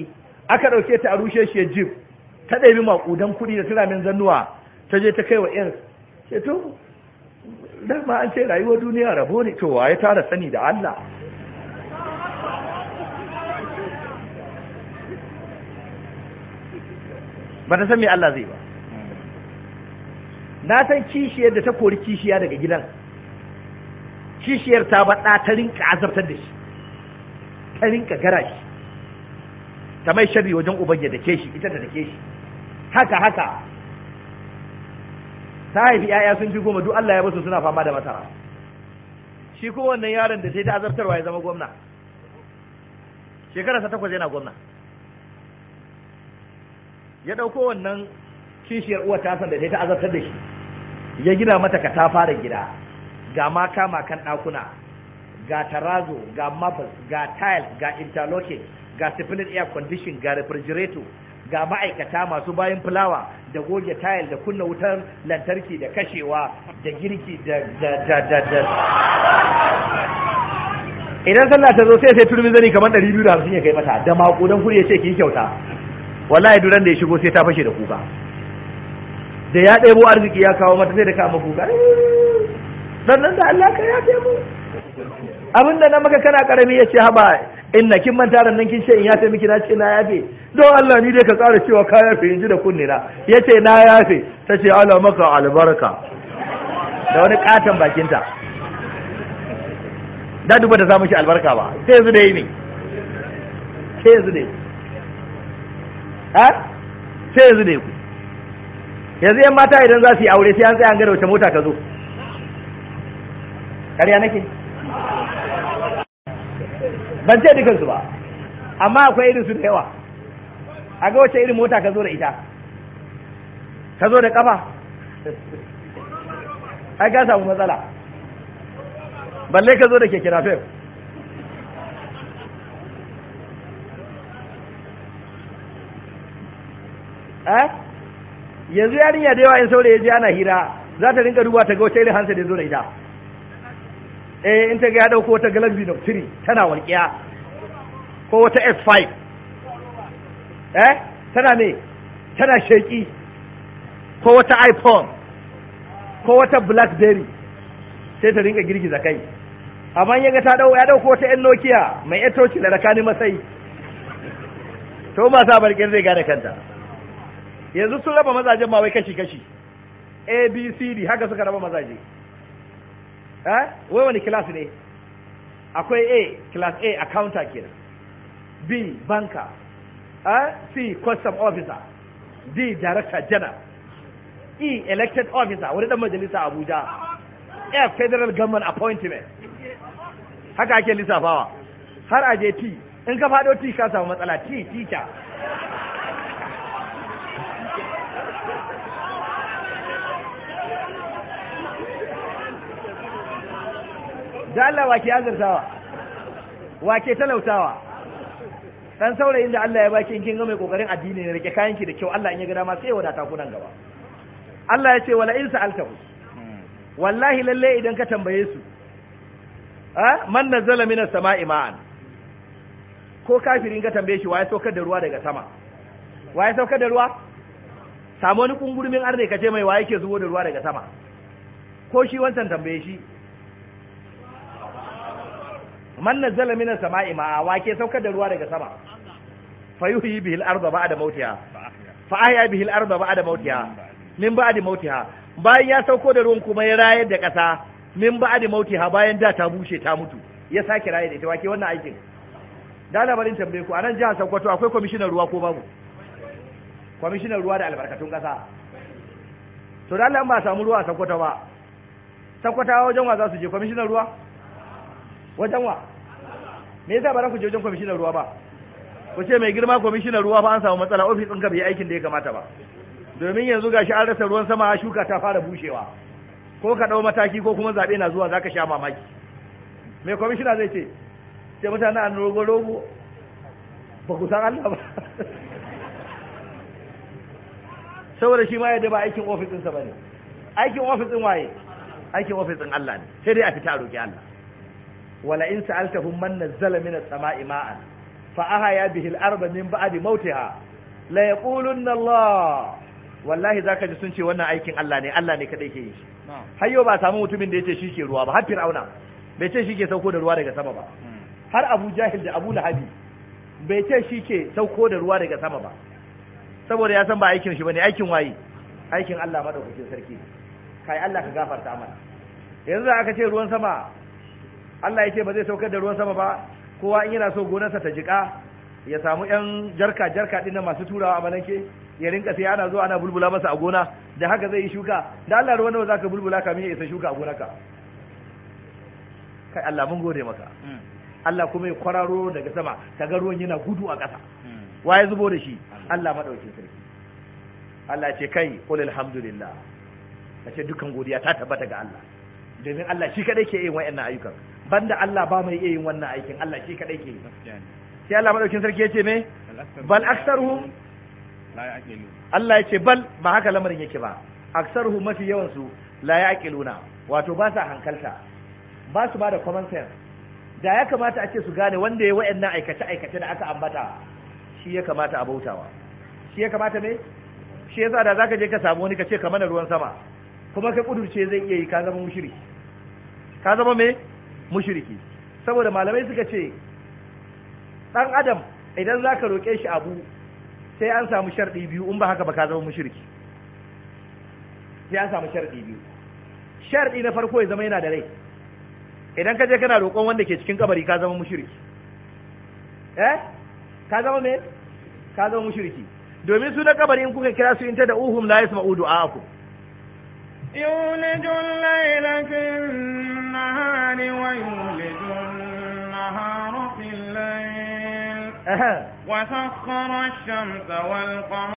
aka ɗauke ta a rushe shi jib ta ɗabi makudan kuɗi da turamin zannuwa ta je ta kai wa yar ce to dama an ce rayuwar duniya rabo ne to waye tara sani da Allah ba ta san me Allah zai ba na san kishiyar da ta kori kishiya daga gidan kishiyar ta baɗa ta rinka azabtar da shi ta rinka gara shi ta mai sharri wajen ubangiji da ke shi ita ta dake shi haka haka ta haifi 'ya'ya sun fi goma duk Allah ya basu suna fama da masara shi ko wannan yaron da sai ta azabtarwa ya zama gwamna shekararsa takwas yana gwamna ya ɗauko wannan kishiyar uwar ta san da sai ta azabtar da shi ya gina mata ka ta fara gida ga ma kama kan ɗakuna ga tarazo ga mafis ga tile ga interlocking ga split air condition ga refrigerator ga ma'aikata masu bayan fulawa da goge tile da kunna wutar lantarki da kashewa da girki da da da da idan sallah ta zo sai sai turmi zani kamar ɗari biyu da hamsin ya kai mata da makudan kuri ya ce ki kyauta wallahi duran da ya shigo sai ta fashe da kuka da ya ɗebo arziki ya kawo mata sai da kama kuka eh, dan nan da Allah ka ya mu abin da na maka kana karami ya ce haba inna kin manta ran nan kin ce in yafe miki na ce na yafe don Allah ni dai ka tsara cewa ka yafe in ji da kunne na ce na yafe ta ce Allah maka albarka da wani katon bakinta da duba da zamu shi albarka ba sai yanzu yi ne sai yanzu yi ha sai yanzu yi ku yanzu yan mata idan za su yi aure sai an tsaya an gada wace mota ka zo ƙarya nake ban ce dukansu ba amma akwai irin su da yawa a ga wace irin mota ka zo da ita ka zo da kafa ai ka samu matsala balle ka zo da keke napep eh yanzu yarinya da yawa in saurayi ji ana hira za ta rinka duba ta ga wata irin hansa da zo da ita eh in ta ga ya dauko wata galaxy note 3 tana walƙiya ko wata S5 eh tana me tana sheki ko wata iPhone ko wata BlackBerry sai ta rinka girgiza kai amma yaga ta dau ya dauko wata yan Nokia mai etoci da rakani masai to ba sa barkin zai gane kanta yanzu sun raba mazajen ma wai kashi kashi a haka suka raba mazaje eh wai wani class ne akwai a class a accountant kenan b banker eh c custom officer d director general e elected officer wani dan majalisa abuja f federal government appointment haka ake lissafawa har a je t in ka fado t ka samu matsala t teacher da Allah wake azurtawa wake talautawa dan saurayin da Allah ya baki in kin ga mai kokarin addini ne rike kayan ki da kyau Allah in ya ga dama sai ya wadata ku nan gaba Allah ya ce wala in sa'altahu wallahi lalle idan ka tambaye su a ah, man nazala minas sama'i ma'an ko kafirin ka tambaye shi waye saukar da ruwa daga sama waye saukar da ruwa samu wani kungurmin arne ka ce mai waye ke zubo da ruwa daga sama ko shi wancan tambaye shi man zala minas sama'i ma'a wa ke saukar da ruwa daga sama fa yuhyi bihil arda ba'da mautiha fa ahya bihil arda ba'da mautiha min ba'di mautiha bayan ya sauko da ruwan kuma ya rayar da ƙasa min ba'di mautiha bayan da ta bushe ta mutu ya sake rayar da ita wa ke wannan aikin da labarin tambaye ku a nan jihar Sokoto akwai kwamishinan ruwa ko babu kwamishinan ruwa da albarkatun ƙasa to da Allah ba samu ruwa a Sokoto ba Sokotawa wajen wa za su je kwamishinan ruwa wajen wa me yasa ba za ku je wajen kwamishinan ruwa ba ku ce mai girma kwamishinan ruwa ba an samu matsala ofis ɗinka bai aikin da ya kamata ba domin yanzu gashi an rasa ruwan sama shuka ta fara bushewa ko ka ɗau mataki ko kuma zaɓe na zuwa zaka sha mamaki mai kwamishina zai ce ce mutane an rogo rogo ba ku san Allah ba saboda shi ma yadda ba aikin ofis ɗinsa ba ne aikin ofis ɗin waye aikin ofis ɗin Allah ne sai dai a fita a roƙi Allah wala in sa'altahum man nazzala min as-sama'i ma'an fa ahaya bihi al-arda min ba'di mautiha la yaqulunna Allah wallahi zaka ji sun ce wannan aikin Allah ne Allah ne kadai ke yi har yau ba samu mutumin da yace shi ke ruwa ba har Fir'auna bai ce shi ke sauko da ruwa daga sama ba hmm. har Abu Jahil da Abu Lahabi bai ce shi ke sauko da ruwa daga sama ba saboda ya san ba aikin shi bane aikin waye aikin Allah madaukakin sarki kai Allah ka gafarta mana yanzu aka ce ruwan sama Allah ya ce ba zai saukar da ruwan sama ba kowa in yana so gonarsa ta jika ya samu yan jarka jarka din masu turawa a malanke ya rinka sai ana zuwa ana bulbula masa a gona da haka zai yi shuka da Allah ruwan nawa zaka bulbula kamin ya isa shuka a ka kai Allah mun gode maka hmm. Allah kuma ya kwararo daga sama ga ruwan yana gudu a ƙasa hmm. wa ya zubo da shi Allah madaukin sarki Allah ce kai qul alhamdulillah ce dukan godiya ta tabbata ga Allah domin Allah shi kadai ke yin wa'annan ayyukan banda Allah ba mai iya yin wannan aikin Allah shi kadai ke yi sai Allah madaukin sarki yace me bal aktsaruhum Allah yace bal ba haka lamarin yake ba aktsaruhum mafi yawan su la yaqiluna wato ba sa hankalta ba su ba da common sense da ya kamata a ce su gane wanda ya wayannan aikace aikace da aka ambata shi ya kamata a bautawa shi ya kamata me shi yasa da zaka je ka samu wani ka ce ka mana ruwan sama kuma kai kudurce zai iya yi ka zama mushiri ka zama me mushriki saboda malamai suka ce dan adam idan zaka roke shi abu sai an samu sharɗi biyu in ba haka ba ka zama mushriki sai an samu sharɗi biyu sharɗi na farko ya zama yana da rai idan ka je kana roƙon wanda ke cikin kabari ka zama mushriki eh ka zama me ka zama mushriki domin su na kabari in kuka kira su in ta da uhum la yasma'u du'a'akum yunajul laylatin النهار ويولج النهار في الليل وسخر الشمس والقمر